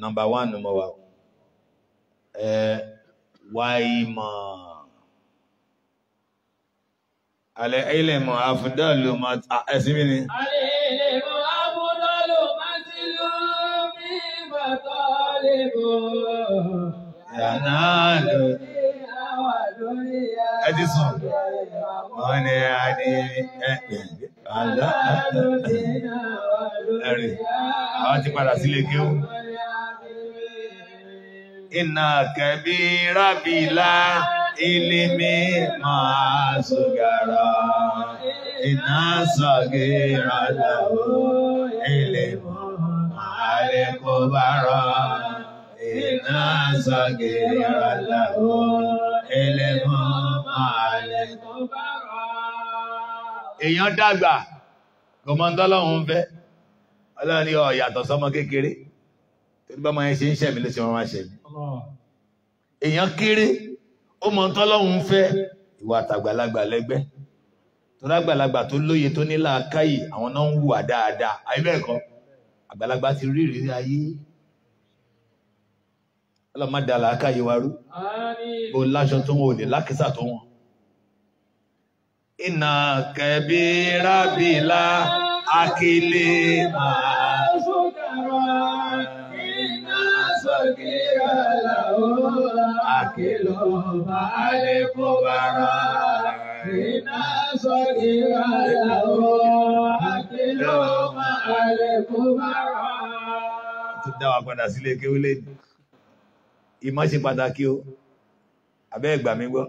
nọ́mbà wánù mo wà o wá ìmọ̀ alẹ́ ilẹ̀ mọ̀ afdọ́lù ẹ̀sìn mi ni alẹ́ ilẹ̀ mọ̀ afdọ́lù mátìlú mi bàtọ́ lè bọ̀ yàná lò ẹ ti sùn wọ́n ní àwọn ti padà sílé kí ó innaka bi rabila ilimi masugara inna sagira lahu ilimu alikubara inna sagira lahu ilimu alikubara. èèyàn dàgbà kọmọndọ́lọ́hún fẹ́ ọlọ́run ni ó yàtọ̀ sọ́mọ kékeré bọ́mọ yẹn ṣe ń ṣẹ̀mí ló ṣe wọ́n máa ṣẹ̀mí èèyàn kéré ó mọ tọ́lọ́hún fẹ́ ìwà àtàgbàlagbà lẹ́gbẹ́ torí àgbàlagbà tó lóye tó ní làákàyè àwọn náà ń hùwà dáadáa àyíbẹ̀ẹ̀kọ́ àgbàlagbà ti rí ìrírí ayé ọlọ́mọ làákàyè wa rú bó láṣọ tó wọn ò lè lákìsà tó wọn. iná kẹbí rábìlà akílè máa. kìlọ̀ baálé kó bá rà iná sọ̀rí rárá o àkìlọ̀ baálé kó bá dá wa padà sílé o ẹ̀gbà mi gbọ́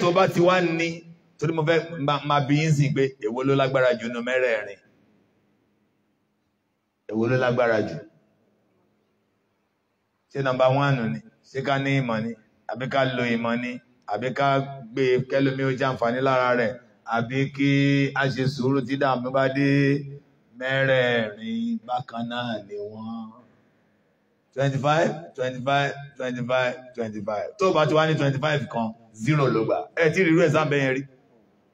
tó bá ti wá ní torí mo fẹ́ máa bí yín ṣé nọmba wánù ni ṣé ká ní ìmọ̀ ni àbí ká lo ìmọ̀ ni àbí ká gbé kẹlòmí ó jàǹfààní lára rẹ̀ àbí kí a ṣe sùúrù tí dààmú bá dé mẹ́rẹ̀ẹ̀rin bákan náà ni wọ́n. twenty five twenty five twenty five twenty five tó o bá ti wá ní twenty five kan zero ló gbà ẹ ti rí irú ẹ̀ sábẹ́ yẹn rí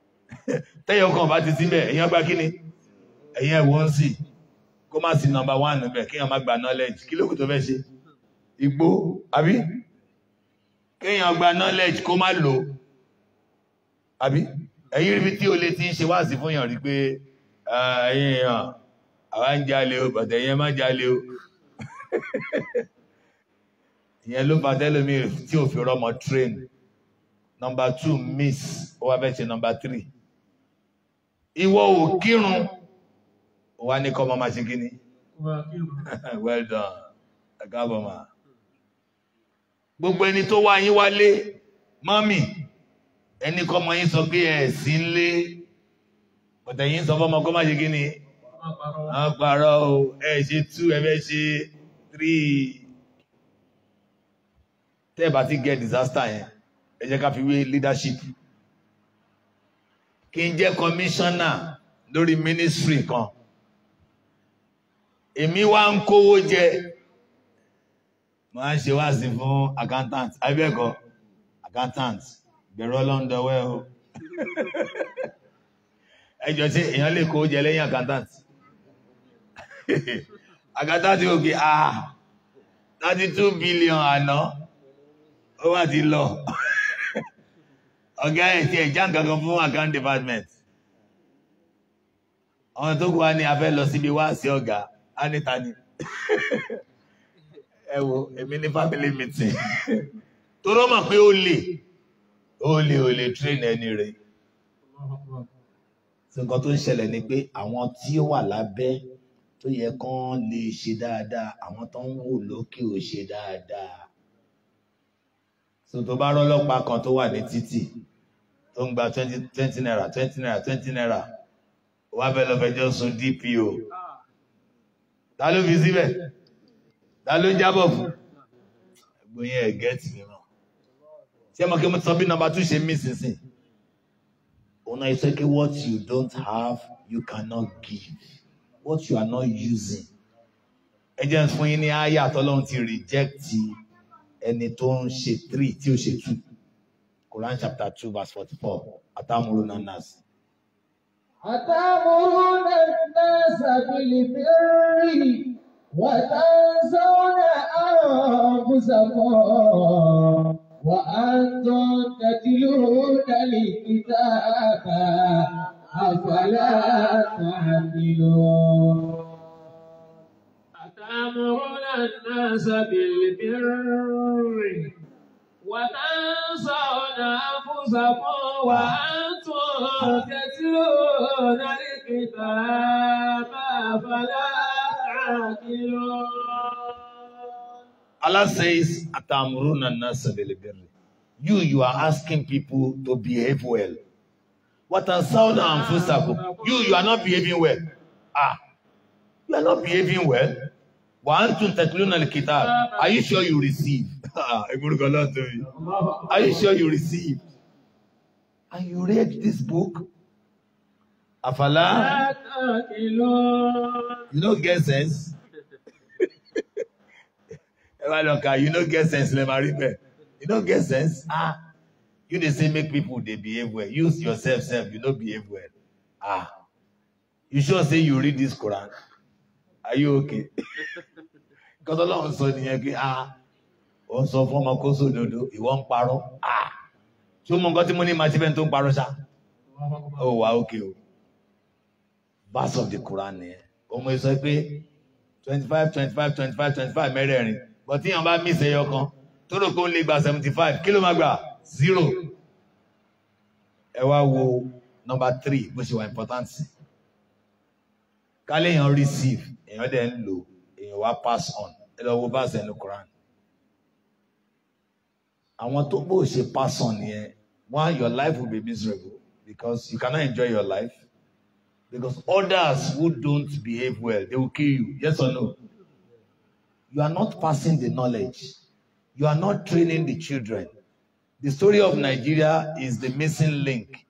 [LAUGHS] tẹ́yọ̀ kan bá ti síbẹ̀ èèyàn gba kí ni ẹ̀yìn ẹ̀wọ̀n sì kó má sí nọmba one níbẹ̀ kéèyàn má gba knowledge kí ló kù tó fẹ́ ṣe igbó àbí kéèyàn gba knowledge kó má lò àbí ẹ̀yìn rí bí tí o lè ti ń ṣe wáàsí fún yàn rí pé ẹ̀yìn èèyàn ń jalè o bàtẹ̀ yẹn má jalè o ìyẹn ló bá tẹ́lómi tí ò fi rọmọ train number two miss ó wá fẹ́ number three ìwọ ò kírun wá ní kọ́ máa ṣe kí [LAUGHS] well done ẹ gbogbo ẹni tó wá yín wálé mọ́mì ẹni kọ́mọ yín sọ pé ẹ sí ń lé ọ̀tẹ̀ yín sọ fọ́mọ kọ́ má ṣe kí ni ọmọ o ẹ ṣe two ẹ fẹ́ ṣe three tẹ́ ẹ bá ti get disaster yẹn ẹ jẹ́ fi wé leadership kí n jẹ́ commissioner lórí kan èmi wá ń máa ń ṣe wáàsí fún accountant abẹ́ẹ̀kọ́ accountant bẹ̀rù ọlọ́run dọwẹ́ o ẹjọ sí èèyàn lè kó oúnjẹ lẹ́yìn accountant [LAUGHS] accountant òkè ah thirty two billion àná ó wà ti lọ [LAUGHS] ọ̀gá ẹ̀ tiẹ̀ já nǹkan kan fún account department ọ̀nà tó kù wá ní abẹ́ lọ síbi wá sí ọ̀gá á níta ni. [LAUGHS] ẹ wo èmi family meeting [LAUGHS] tó rọ́ mọ̀ pé ó lè ó lè ó lè train ẹni rẹ̀ nǹkan tó ń ṣẹlẹ̀ ni pé àwọn tí ó wà lábẹ́ tó yẹ kán lè ṣe dáadáa àwọn tó ń wò lókè ò ṣe dáadáa so tó bá rọ́lọ́pàá kan tó wà ní títì tó ń gba twenty twenty naira twenty naira twenty naira wàá fẹ́ lọ fẹjọ́ sùn DPO ta ló fi síbẹ̀ ta ló ń jábọ̀ fún ẹgbẹ́ yẹn ẹ̀gẹ́tì mìíràn ṣé mo kí mo sọ bí nọ́mbà tún ṣe mí sínsìn òun náà ṣe kí what you don't have you cannot give what you are not using ẹ jẹ́ ń fún yín ní àyà tọ́lọ́run ti reject ẹni tó ń ṣe three tí ó ṣe two Quran chapter two verse forty-four atamuruna nas. atamuruna nas abilibiri. وتنسون أنفسكم وأنتم تتلون الكتاب أفلا تعقلون أتأمرون الناس بالبر وتنسون أنفسكم وأنتم تتلون الكتاب أفلا Allah says, Atamuruna nasabilibirri. You, you are asking people to behave well. What a sound and fusaku. You, you are not behaving well. Ah, you are not behaving well. وَأَنْتُمْ تَتْلُونَ الْكِتَابِ Are you sure you receive? [LAUGHS] Ah, are you sure you receive? And you read this book? Afala. You no get sense. [LAUGHS] Ẹ you no get sense Lemaripe, You no get sense. Ah, you dey say make people dey behave well. Use yourself self. you no behave well. Ah, you sure say you read this Quran? Are you okay? [LAUGHS] Because Ọlọ́run sọ nìyẹn pé ah, ó sọ fún ọmọ kó sódodo, ìwọ ń parọ́. Ah, ṣé o mọ nǹkan tí mo ní máa ṣe bẹ́ẹ̀ tó ń parọ́ ṣá? Ó oh, wà okay o. Oh. Verse of the Quran nìyẹn òun sọ pé twenty five twenty five twenty five twenty five mẹ́rẹ̀ẹ̀rin but tíyàn bá mí ìṣẹ́yọ kan tó rò pé ó lè gba seventy five kí ló máa gbà zero ẹ wá wo number three bó ṣe wà important sí káléèyàn receive èèyàn dẹ̀ ń lò èèyàn wá pass on ẹ lọ wo verse ẹnu Quran àwọn tó bó ṣe pass on yẹn one your life will be miserable because you cannot enjoy your life Because others who don't behave well, they will kill you. Yes or no? You are not passing the knowledge. You are not training the children. The story of Nigeria is the missing link.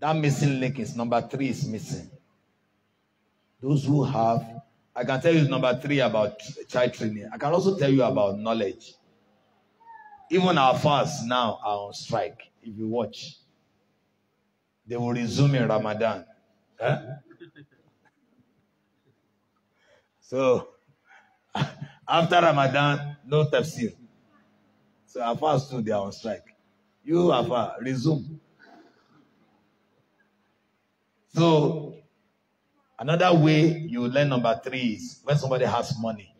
That missing link is number three is missing. Those who have, I can tell you number three about child training. I can also tell you about knowledge. Even our fans now are on strike, if you watch. They will resume in Ramadan. Huh? So, [LAUGHS] after Ramadan, no tafsir. So, Afar too, they are on strike. You, Afar, resume. So, another way you learn number three is when somebody has money.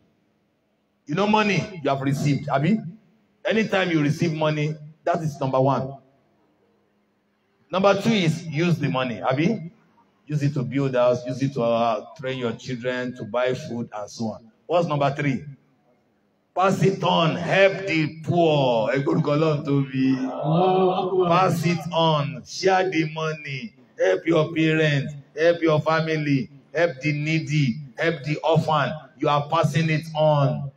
You know, money you have received. I mean, anytime you receive money, that is number one. Number two is use the money. Abi, use it to build house, use it to uh, train your children, to buy food, and so on. What's number three? Pass it on. Help the poor. Ẹ gbórúkọ Ọlọ́run tóbi. Pass it on. Share the money. Help your parents. Help your family. Help the needy. Help the orphan. You are passing it on.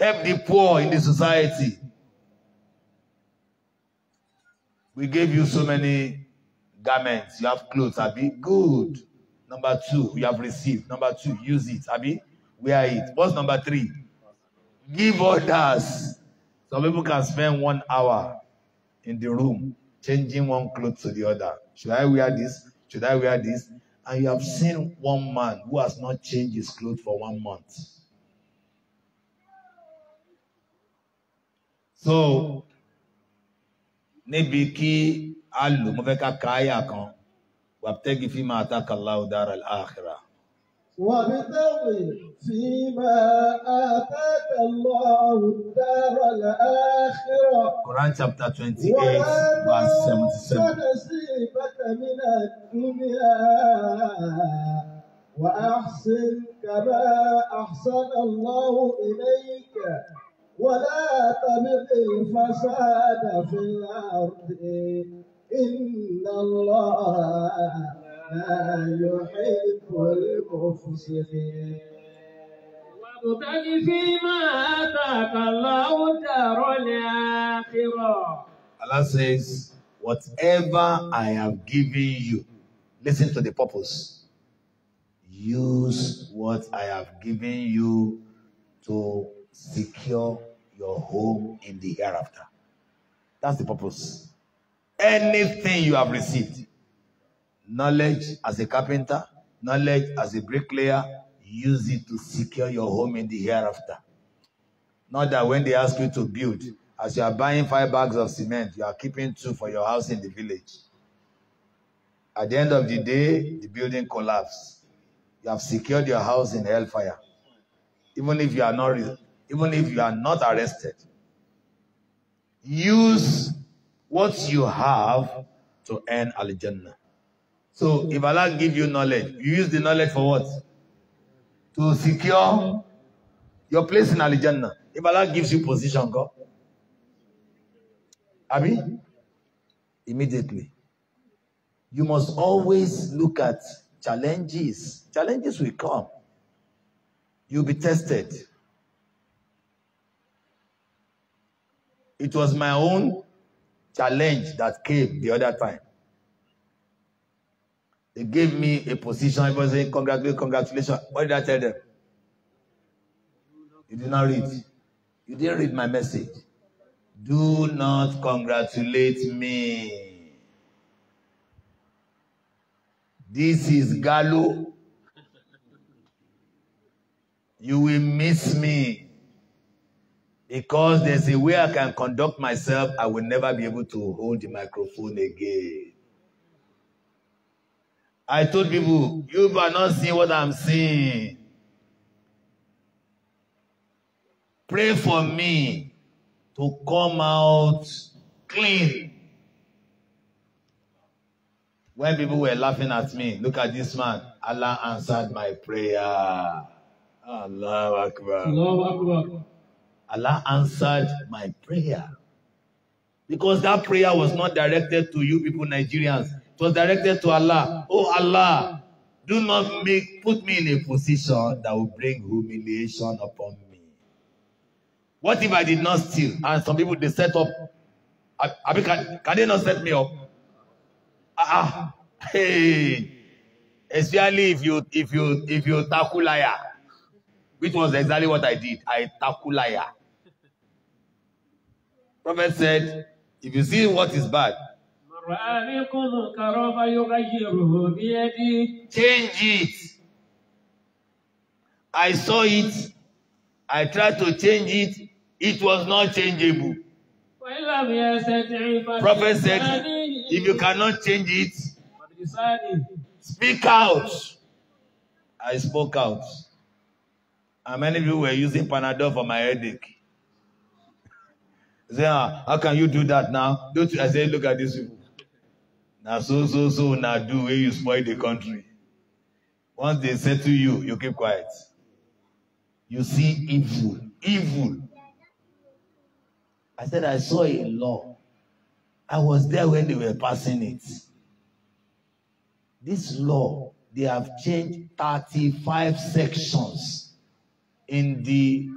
Help the poor in the society. We gave you so many garments. You have clothes, Abi. Good. Number two, you have received. Number two, use it, Abi. Wear it. What's number three? Give orders. Some people can spend one hour in the room changing one cloth to the other. Should I wear this? Should I wear this? And you have seen one man who has not changed his clothes for one month. So níbi kí a lò mo fẹ́ ká ka àyà kan wàbtẹ́gì fi máa àtàkà láwùdára àkìrà. وابتغي فيما آتاك الله الدار الآخرة Quran chapter 28 verse 77 نصيبك من الدنيا وأحسن كما أحسن الله إليك ولا الفساد في الأرض إن الله لا يحب المفسدين وابتغ فيما آتاك الله الدار الآخرة Allah says, Whatever I have given you, listen to the purpose. Use what I have given you to secure your home in the hereafter. That's the purpose. Anything you have received, knowledge as a carpenter, knowledge as a bricklayer, use it to secure your home in the hereafter. Not that when they ask you to build, as you are buying five bags of cement, you are keeping two for your house in the village. At the end of the day, the building collapses. You have secured your house in hellfire. Even if you are not even if you are not arrested. Use what you have to earn Al Jannah. So if Allah give you knowledge, you use the knowledge for what? To secure your place in Al Jannah. If Allah gives you position, go. Abi? Immediately. You must always look at challenges. Challenges will come. You'll be tested. It was my own challenge that came the other time. They gave me a position. Everybody saying, congratulations, congratulations. What did I tell them? You did not read. You didn't read my message. Do not congratulate me. This is Gallo. You will miss me. Because there's a way I can conduct myself, I will never be able to hold the microphone again. I told people, you are not seeing what I'm seeing. Pray for me to come out clean. When people were laughing at me, look at this man. Allah answered my prayer. Allah Akbar. Allah Akbar. Allah answered my prayer. Because that prayer was not directed to you people Nigerians. It was directed to Allah. Oh Allah, do not make put me in a position that will bring humiliation upon me. What if I did not steal? And some people they set up. I, I mean, can, can they not set me up? Ah, uh -uh. [LAUGHS] hey. Especially if you if you if you tackle liar, which was exactly what I did. I tackle liar. Prophet said, if you see what is bad, change it. I saw it. I tried to change it. It was not changeable. Prophet said, if you cannot change it, speak out. I spoke out. And many of you were using Panadol for my headache. He ah, how can you do that now? Don't you? I said, look at this. people. Now, so, so, so, now do where you spoil the country. Once they settle you, you keep quiet. You see evil, evil. I said, I saw a law. I was there when they were passing it. This law, they have changed thirty-five sections in the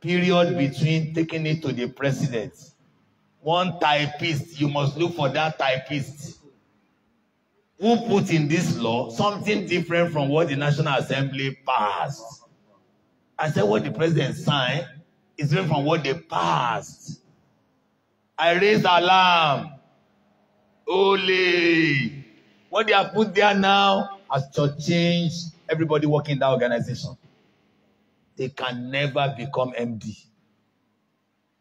period between taking it to the president. One typist, you must look for that typist who put in this law something different from what the National Assembly passed. I said what the president signed is different from what they passed. I raised alarm. Holy! What they have put there now has to change everybody working in that organization they can never become MD.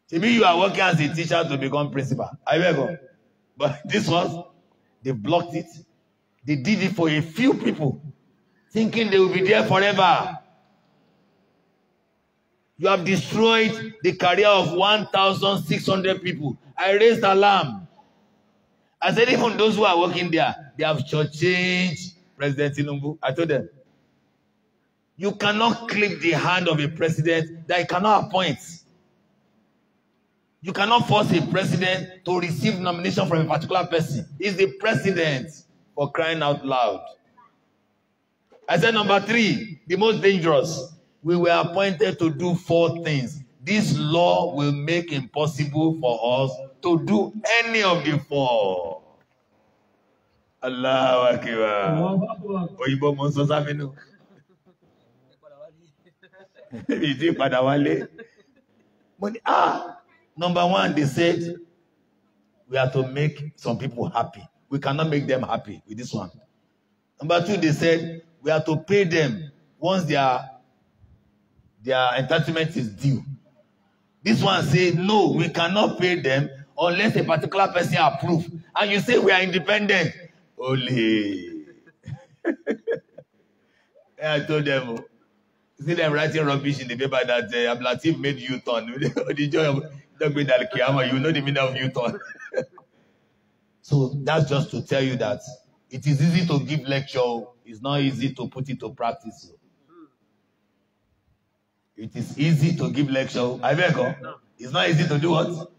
To me, you are working as a teacher to become principal. I remember. But [LAUGHS] this was, they blocked it. They did it for a few people, thinking they will be there forever. You have destroyed the career of 1,600 people. I raised alarm. I said, even those who are working there, they have changed President Tinubu. I told them, You cannot clip the hand of a president that he cannot appoint. You cannot force a president to receive nomination from a particular person. He's the president for crying out loud. I said number three, the most dangerous. We were appointed to do four things. This law will make impossible for us to do any of the four. Allahu Akbar. èyí tí padà wálé mo ah number one they said we are to make some people happy we cannot make them happy with this one number two they said we are to pay them once their their entitlement is due this one say no we cannot pay them unless a particular person approve and you say we are independent ole i [LAUGHS] told them o. Oh. See them writing rubbish in the paper that uh, Ablatif made U-turn. [LAUGHS] the joy of Dogbe Al Kiyama, you know the meaning of U-turn. [LAUGHS] so that's just to tell you that it is easy to give lecture, oh. it's not easy to put it to practice. Oh. It is easy to give lecture. I oh. beg It's not easy to do what?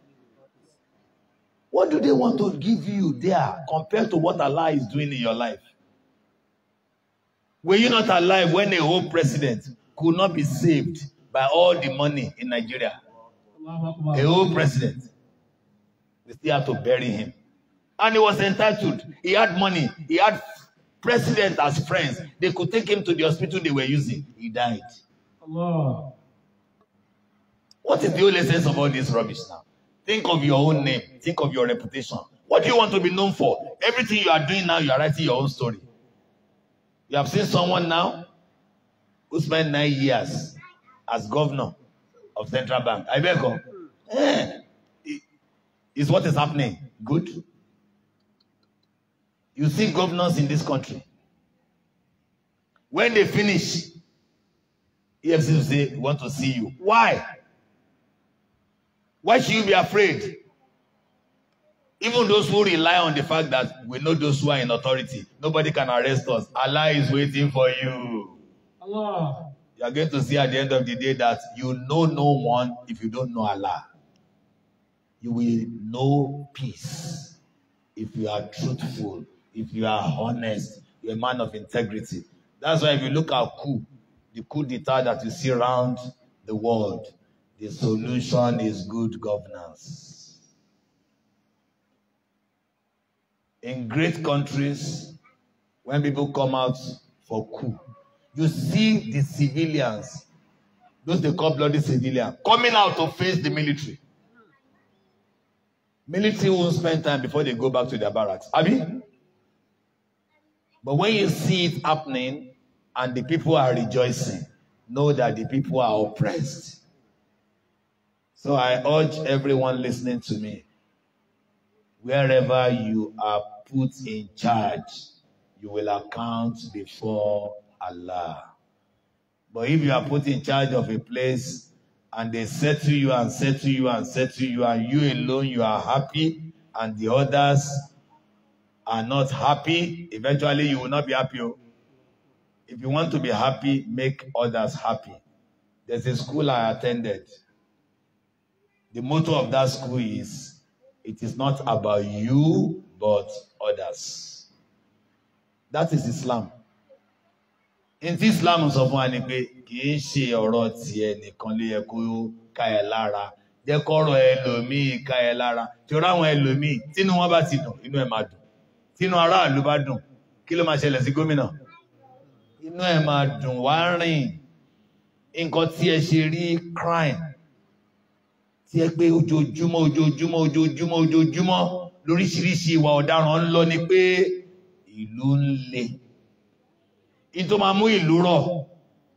What do they want to give you there compared to what Allah is doing in your life? Were you not alive when a whole president could not be saved by all the money in Nigeria. The whole president. They still have to bury him. And he was entitled. He had money. He had president as friends. They could take him to the hospital they were using. He died. Allah. What is the whole essence of all this rubbish now? Think of your own name. Think of your reputation. What do you want to be known for? Everything you are doing now, you are writing your own story. You have seen someone now, who spent nine years as governor of Central Bank. I beg of, is what is happening good? You see governors in this country. When they finish, EFCC will say, want to see you. Why? Why should you be afraid? Even those who rely on the fact that we know those who are in authority, nobody can arrest us. Allah is waiting for you. Allah. You are going to see at the end of the day that you know no one if you don't know Allah. You will know peace if you are truthful, if you are honest, you're a man of integrity. That's why if you look at coup, the coup d'etat that you see around the world, the solution is good governance. In great countries, when people come out for coup, you see the civilians, those they call bloody civilians, coming out to face the military. Military won't spend time before they go back to their barracks. Abi? But when you see it happening and the people are rejoicing, know that the people are oppressed. So I urge everyone listening to me, wherever you are put in charge, you will account before Allah. But if you are put in charge of a place and they settle you and settle you and settle you and you alone you are happy and the others are not happy, eventually you will not be happy. Oh. If you want to be happy, make others happy. There's a school I attended. The motto of that school is, it is not about you, but others. That is Islam. in tí Islam sọ fún wa ni pé kìí ṣe ọ̀rọ̀ tiẹ̀ nìkan ló yẹ kó ká ẹ lára jẹ́ kọ́rọ̀ ẹlòmíì ká ẹ lára tí ó ráwọn ẹlòmíì tínú wọn bá ti dùn inú ẹ máa dùn tínú aráàlú bá dùn kí ló máa ṣẹlẹ̀ sí gómìnà inú ẹ máa dùn wá rìn nǹkan tí ẹ ṣe rí crime tí ẹ pé ojoojúmọ́ ojoojúmọ́ ojoojúmọ́ ojoojúmọ́ lóríṣiríṣi ìwà ọ̀daràn ń lọ ni pé ìlú ń le in tó máa mú ìlú rọ̀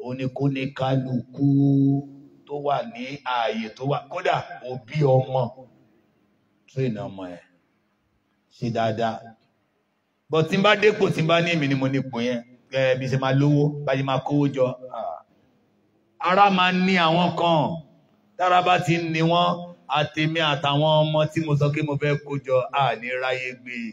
oníkóníkálukú tó wà ní ààyè tó wà kódà òbí ọmọ tírínà ọmọ ẹ̀ ṣe dáadáa bọ̀ tí n bá dépò tí n bá ní èmi ni mo nípò yẹn gẹ́gẹ́ bí ṣe máa lówó bá ṣe máa kówó jọ ara máa ní àwọn kan tára bá ti ní wọn àtèmi àtàwọn ọmọ tí mo sọ pé mo fẹ́ kó jọ àní ráyé gbé e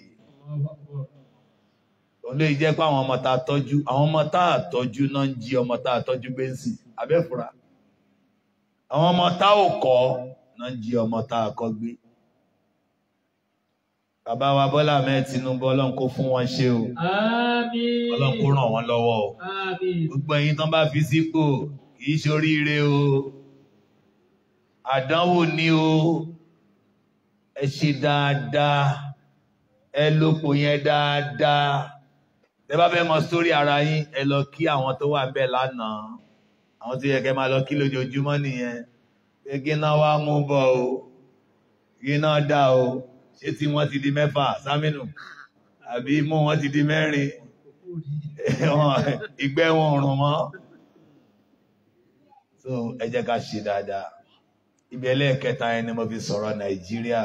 ló jẹ́ pé àwọn ọmọ tá a tọ́jú àwọn ọmọ tá a tọ́jú náà ń jí ọmọ tá a tọ́jú bẹ́ǹsì abẹ́fura àwọn ọmọ tá ò kọ́ náà ń jí ọmọ tá a kọ́ gbé bàbá wa Bọ́lá mẹ́ẹ̀ Tinubu ọlọ́run kó fún wọn ṣe o ọlọ́run kó ràn wọ́n lọ́wọ́ o gbogbo ẹ̀yin tán bá fi sípò kì í ṣoríire o àdánwò ni o ẹ ṣe dáadáa ẹ lòpò yẹn dáadáa tẹ bá fẹ́ mọ sórí ara yín ẹ lọ kí àwọn tó wà bẹ́ẹ̀ lánàá àwọn tó yẹ kẹ́ máa lọ kí lójoojúmọ́ nìyẹn pé gíná wá mú bọ̀ o gíná dá o ṣé tí wọ́n ti di mẹ́fà sámínù àbí mú wọn ti di mẹ́rin ìgbẹ́ wọn rùn mọ́ so ẹ jẹ́ ká ṣe dáadáa ibi ẹlẹ́ẹ̀kẹta ẹni mo fi sọ̀rọ̀ Nàìjíríà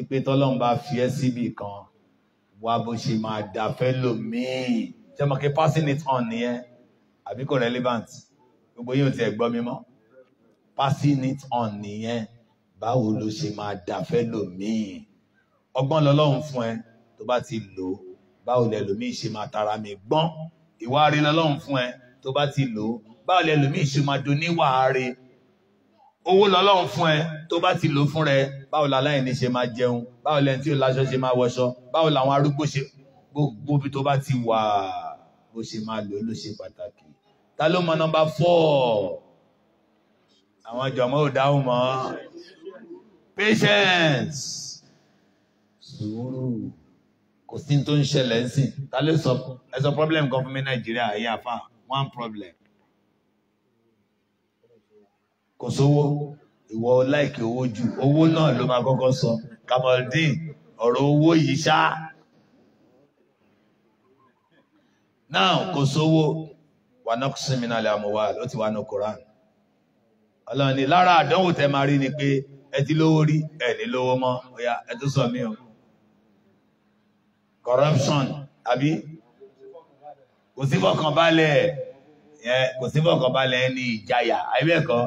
ìpè tọ́lọ́run fi ẹ́ síbì kan wá bó ṣe máa dà fẹ́ lòmíì ṣé mo kí passing it on nìyẹn àbí kò relevant gbogbo yóò ti ẹ̀ gbọ́ mi mọ́ passing it on nìyẹn báwo ló ṣe máa dà fẹ́ lòmíì ọgbọ́n lọ́lọ́run fún ẹ tó bá ti lò ó báwo lẹ lòmíì ṣe máa tara mi gbọ́n ìwà rí lọ́lọ́run fún ẹ tó bá ti lò báwo lẹ lòmíì ṣe máa do níwà rí owó lọ́lọ́run fún ẹ tó bá ti lò fún rẹ báwo la láìní ṣe máa jẹun báwo lẹni tí ò láṣọ ṣe máa wọṣọ báwo làwọn arúgbó ṣe gbogbo bí tó bá ti wà bó ṣe máa lò ló ṣe pàtàkì ta ló mọ nọ́mbà fọ́ àwọn jọmọ ò dáhùn mọ́ patience sùúrù kò sí tó ń ṣẹlẹ̀ ń sìn ta ló sọ ẹ sọ problem kan fún mi nàìjíríà ẹ̀yà àfà one problem kò sówó ìwọ láìkì owó jù owó náà ló máa kọ́kọ́ sọ kamaldeen ọ̀rọ̀ owó yìí ṣá náà kò sówó wà náà kò sinmi náà lè àmúwá ó ti wà ní koran ọlọ́run ni lára àdánwò tẹ máa rí ni pé ẹ ti lówó rí ẹ ní lówó mọ́ ọ̀yà ẹ tó sọ mí o corruption àbí kò sí fọkànbalẹ̀ kò sí fọkànbalẹ̀ ẹni ìjayà àìbẹ́ẹ̀kọ́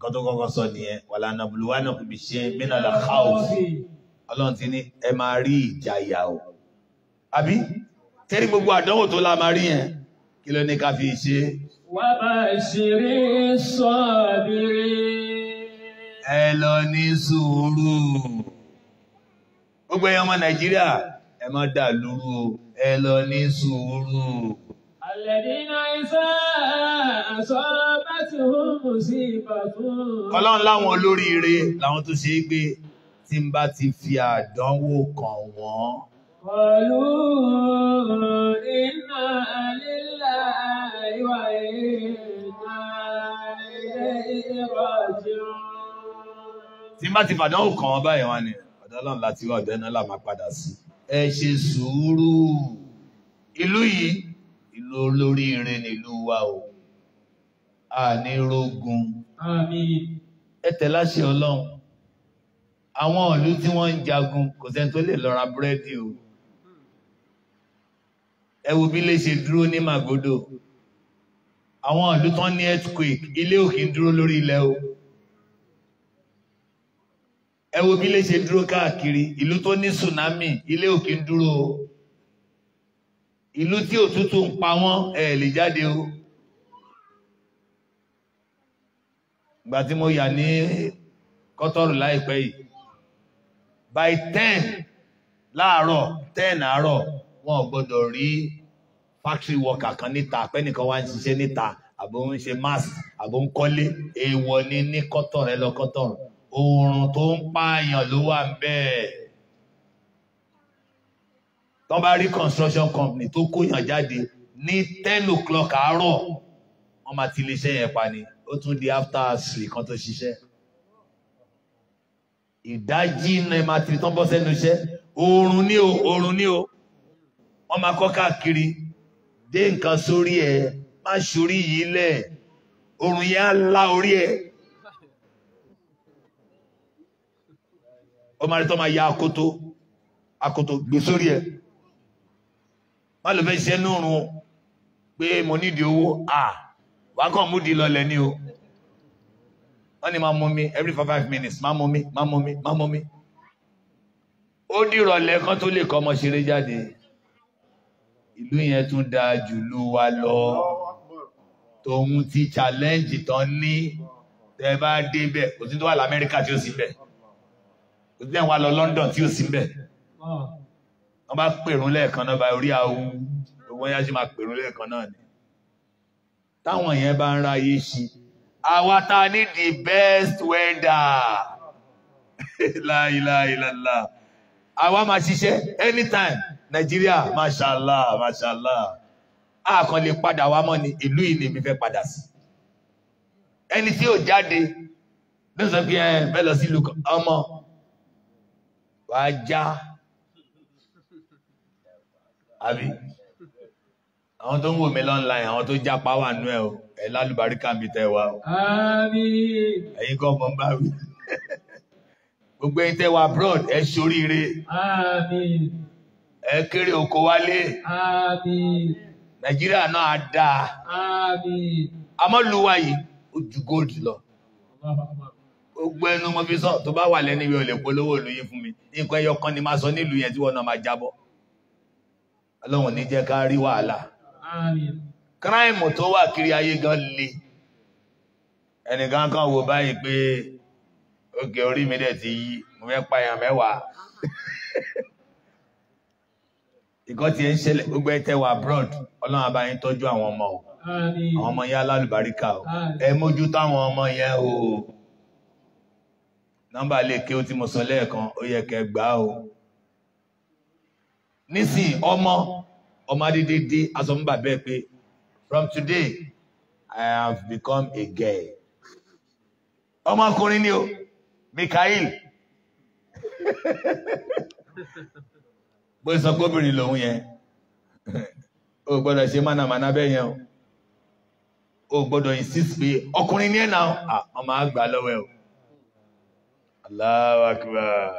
nǹkan tó kọ́kọ́ sọ nìyẹn wàlá nàbùlùwà náà kò bí ṣe mínà lọ káwùsì ọlọ́run ti ní ẹ máa rí ìjàyà o àbí tẹ́rí gbogbo àdánwò tó la máa rí yẹn kí ló ní ká fi ṣe. wà á ṣeré sọ́ọ̀bìrì. ẹ lọ ní sùúrù gbogbo ẹ̀yọ́ ọmọ nàìjíríà ẹ má dà lúrú ẹ lọ ní sùúrù. Ọlọ́run láwọn olóríire láwọn tó ṣe é gbé tí ń bá ti fi àdánwò kàn wọ́n. Pọ̀lú iná lílà ìwà iná ilé ìrọ̀jùn. Tí ń bá ti fàdánwò kàn wọ́n báyìí wá ni, ọ̀dọ̀ Ọlọ́run láti wá ọ̀dọ̀ iná là padà sí. Ẹ ṣe sùúrù. Ìlú yìí ìlú olórí irin nílùú wa o a ní rógun ẹ tẹ̀láṣẹ ọlọ́run àwọn ìlú tí wọ́n ń jagun kò sẹ́ni tó lè lọ ra o ẹ bí ilé ṣe dúró ní Màgódò àwọn ìlú tán ní earthquake ilé òkè dúró lórí ilẹ̀ o ẹ wo bí ilé ṣe dúró káàkiri ìlú tó ní tsunami ilé òkè dúró o ìlú tí òtútù ń pa wọ́n ẹ lè jáde o ìgbà tí mo yà ní kọ́tọ́rù láìpẹ́ yìí by ten láàárọ̀ ten àárọ̀ wọn ò gbọ́dọ̀ rí factory worker kan níta pẹ́nìkan wá ń ṣiṣẹ́ níta àbò ń ṣe mass àbò ń kọ́lé èèwọ̀ ni ní kọ́tọ̀rù ẹ lọ kọ́tọ̀rù oòrùn tó ń pààyàn ló wà bẹ́ẹ̀ tó bá rí construction company tó kóyàn jáde ní ten o'clock àárọ̀ wọ́n máa ti iléeṣẹ́ yẹn pa ni ó tún di after three kan tó ṣiṣẹ́ ìdájí iná ẹ̀ máa tiri tán bọ́ sẹ́nu iṣẹ́ oorun ní o oorun ní o wọ́n máa kọ́ káàkiri dé nǹkan sórí ẹ̀ má ṣorí yìí lẹ̀ oorun yẹn á la orí ẹ̀ ó máa rí tán máa ya akoto akoto gbé sórí má lọ fẹ́ ṣe núrun o pé mo nídìí owó à wà á kàn mú di lọlẹ̀ ni o wọ́n ní máa mú mi every five five minutes máa mú mi máa mú mi máa mú mi ó dìrọ̀lẹ́ kan tó lè kọ́ ọmọ ṣeré jáde ìlú yẹn tún dáa jù lú wa lọ tòun ti challenge tán ní tẹ bá débẹ̀ kò sí tó wà lamẹ́ríkà tí ó sì bẹ̀ kò sí tẹ̀ wà lọ London tí ó sì bẹ̀ wọ́n bá pèrún lẹ́ẹ̀kan náà bá orí awu gbogbo yá sí máa pèrún lẹ́ẹ̀kan náà ni táwọn yẹn bá ń ra ayé ṣe àwa ta ní the best weather láìláìláìlá [LAUGHS] àwa máa ṣiṣẹ́ anytime Nàìjíríà máṣàlá máṣàlá àkàn lè padà wá mọ́ ni ìlú yìí lèmi fẹ́ padà sí ẹni tí ò jáde ló sọ pé ẹ bẹ́ẹ̀ lọ sí ìlú ọmọ wàá já àbí àwọn tó ń wò mí online àwọn tó jápa wà nú ẹ o ẹ lálùbáríkà mi tẹ wá o ẹ̀yin kọ́ mọ́ ń bá wí gbogbo ẹ̀yin tẹ wá abroad ẹ ṣoríire ẹ kéré oko wálé nàìjíríà náà á dáa àmọ́ lùwà yìí ó ju gold lọ gbogbo ẹnu mo fi sọ tó bá wà lẹ́nu ìwé ò lè polówó ìlú yìí fún mi nǹkan ẹyọ kan ni máa sọ nílùú yẹn tí wọn náà máa jábọ̀ ọlọ́run ní jẹ́ ká rí wàhálà kíráìmù tó wà kiri ayé gan le ẹnìkan kan wò báyìí pé òkè orí mi dẹ̀ ti yí mo fẹ́ pààyàn mẹ́wàá ìkọ́ [LAUGHS] ti ń ṣẹlẹ̀ gbogbo ẹ̀tẹ́ wà abroad ọlọ́run á tọ́jú àwọn ọmọ o àwọn ọmọ yẹn alálùbáríkà o ẹ mójú táwọn ọmọ yẹn o nọ́mbà lè ké o tí mo sọ lẹ́ẹ̀kan ó yẹ kẹ́ gbà o nísìn ọmọ ọmọ adédédé asọmúbà bẹ́ẹ̀ pé from today I have become a girl ọmọkùnrin ni o Mikhail bó sọ gómìnà lòun yẹn o gbọ́dọ̀ ṣe mánàmáná bẹ́ẹ̀ yẹn o o gbọ́dọ̀ insist pé ọkùnrin ni ẹ náà ah, ọmọ àgbà lọ́wọ́ ẹ o Allahu Akbar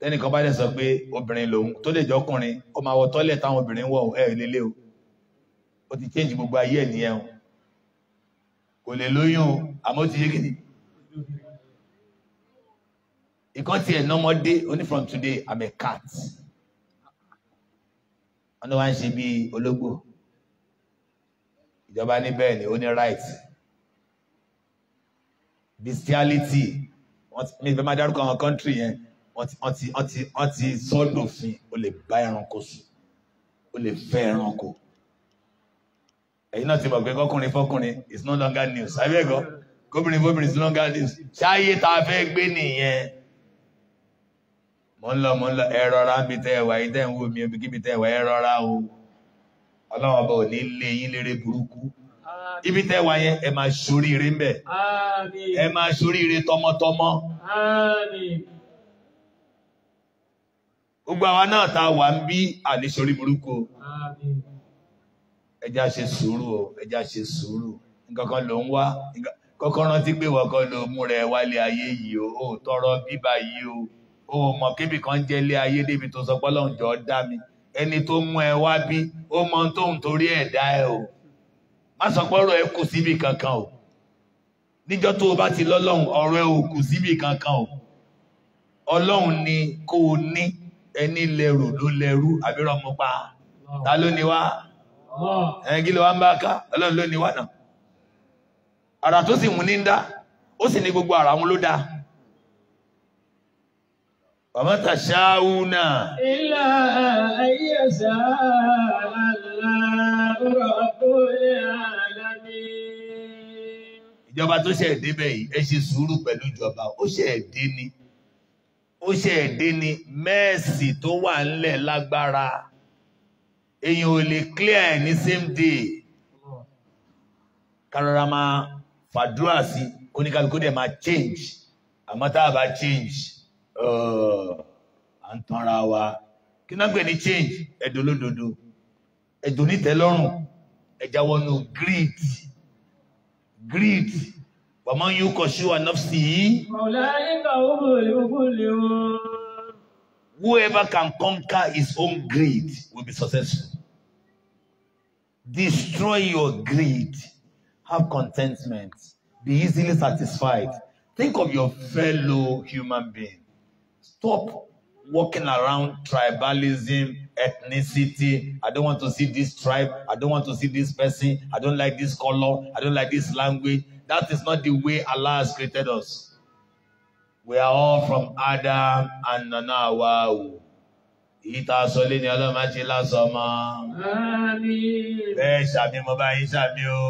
tẹ́nìkan bá dẹ̀ sọ pé obìnrin lòun tó lè jọkùnrin ó máa wọ tọ́lẹ̀ táwọn obìnrin wọ̀ ẹ̀ lélẹ̀ o ó ti change gbogbo ayé ẹ̀ nìyẹn o kò lè lóyún o àmọ́ ó ti yé kìíní ìkan tiẹ̀ nọ́mọdé only from today i'm a cat wọn ní wá ń ṣe bí ológbò ìjọba ní bẹ́ẹ̀ ni ó ní right bestiality wọ́n ti mi fẹ́ máa dárúkọ àwọn country yẹn. Yeah ọtí ọtí ọtí sọ́dọ̀fin o lè bá ẹranko sùn o lè fẹ́ ẹranko èyí náà ti mọ̀ pé kọkùnrin fọkùnrin it's no longer news àbí ẹ̀kọ́ kóbìnrin fóbìnrin it's no longer news ṣáyé tá a fẹ́ gbé nìyẹn mo ń lọ mo ń lọ ẹ rọra ń bi tẹ ẹwà yìí tẹ ń wo mi kíbi tẹ ẹwà ẹ rọra o ọlọ́run ọba ò ní lé yín lérè burúkú ibi tẹ wà yẹn ẹ máa ṣoríire ń bẹ ẹ máa ṣoríire tọmọtọmọ gbogbo àwa náà ta wà ń bí àníṣorí burúkú ẹjá ṣe sùúrù o ẹjá ṣe sùúrù nǹkankan ló ń wá kọ́kọ́ rántí pé wọ́kọ́ ló mú rẹ̀ wálé ayé yìí o ò tọrọ bíbá yìí o ò mọ̀ kébì kan jẹ́ lé ayé débi tó sọ pọ́lọ́hún jọ dá mi ẹni tó mú ẹ wá bí ó mọ tóun torí ẹ̀ dá ẹ o má sọ pé ọ̀rọ̀ ẹ kù síbi kankan o níjọ́ tó o bá ti lọ́lọ́hún ọ̀rọ̀ ẹ ò kù síbi kankan o ọlọ́hun ni kò ní ẹni lẹ́rù ló lẹ́rù àbíràn mú pa ta ló ní wá ẹ̀yìn kí ló wá ń bá ká ọlọ́run náà ara tó sì mú ní ń ó sì ní gbogbo ara wọn ló dá bàbá tà ṣááwú náà. ayé ṣá ìjọba tó ṣe é yìí ẹ ṣe sùúrù pẹ̀lú ìjọba ó ṣe é ni. ó ṣe ẹ̀dẹ́ ni mẹ́ẹ̀sì tó wà ńlẹ̀ lágbára èyàn ò lè clear ẹ̀ ní same day kárọ̀rọ̀ máa fàdúrà sí oníkàlùkù dẹ̀ máa change àmọ́ tá a bá change à ń tanra wa kí náà gbẹ̀ ní change ẹ̀dùn lódodo ẹ̀dùn nítẹ́lọ́rùn ẹ̀jáwọ́nù Greet, Greet ọmọ yíò kọ̀ ṣíwà nọ́fsì yìí. Whoever can conquer his own greed will be successful. Destroy your greed. Have contentment. Be easily satisfied. Think of your fellow human being. Stop walking around tribalism, ethnicity. I don't want to see this tribe. I don't want to see this person. I don't like this color. I don't like this language. That is not the way Allah has created us. We are all from Adam and Nana Wawu. Ìta sọlé ni ọlọ́mà ṣe lásọ ọmọ. Bẹ́ẹ̀ ṣàmì mo bá yín ṣàmì o.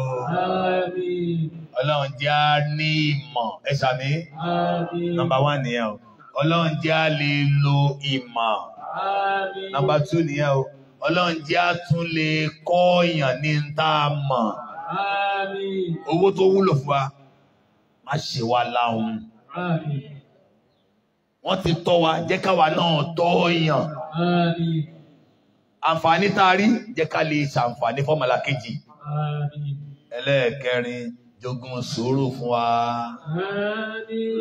Ọlọ́run jẹ́ á ní ìmọ̀. Ẹ ṣàmì? Nọmba wá nìyẹn o. Ọlọ́run jẹ́ lè lo ìmọ̀. Nọmba tú nìyẹn o. Ọlọ́run jẹ́ á tún lè kọ́ èèyàn ní ń mọ̀ owó tó wúlò fún wa má ṣe wa láhùn wọ́n ti tọ́ wa jẹ́ káwa náà tọ́ yàn àǹfààní tá a rí jẹ́ ká lè ṣàǹfààní fọ́mọlá kejì ẹlẹ́ẹ̀kẹrin jogún sùúrù fún wa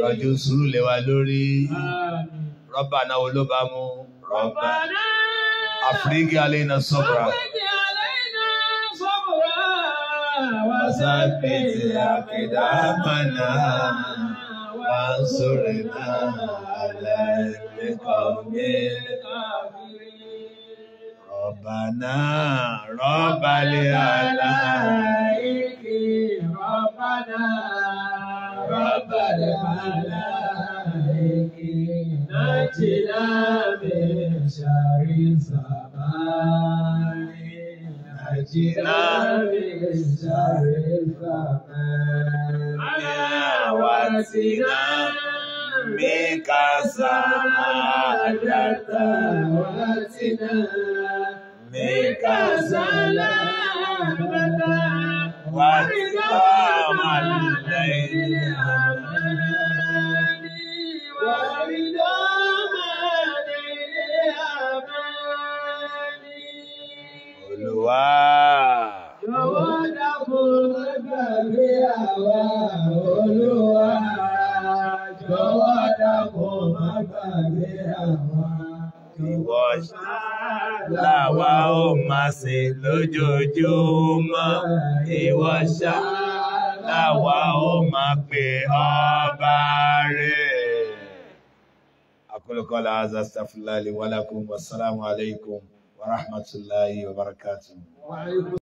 rọ̀jò sùúrù lé lórí rọ́bà náà olóbàámu rọ́bà àfíríkì alẹ́ iná sọ́bùrà. وثبت أقدامنا وانصرنا على القوم ربنا رب العلائك ربنا رب العلائك نجنا من شر الزمان وجئنا بالشر الفمن واتنا بك سعادة واتنا بك سلامة وارضا من الليل أماني wá. Jọ̀wọ́ dákun gbàgbé àwa olúwa. Jọ̀wọ́ dákun gbàgbé àwa. Ìwọ làwa ó máa ṣe lójoojúmọ́. Ìwọ ṣá làwa ó máa pè ọba rẹ̀. أقول قول هذا استغفر الله لي ورحمة الله وبركاته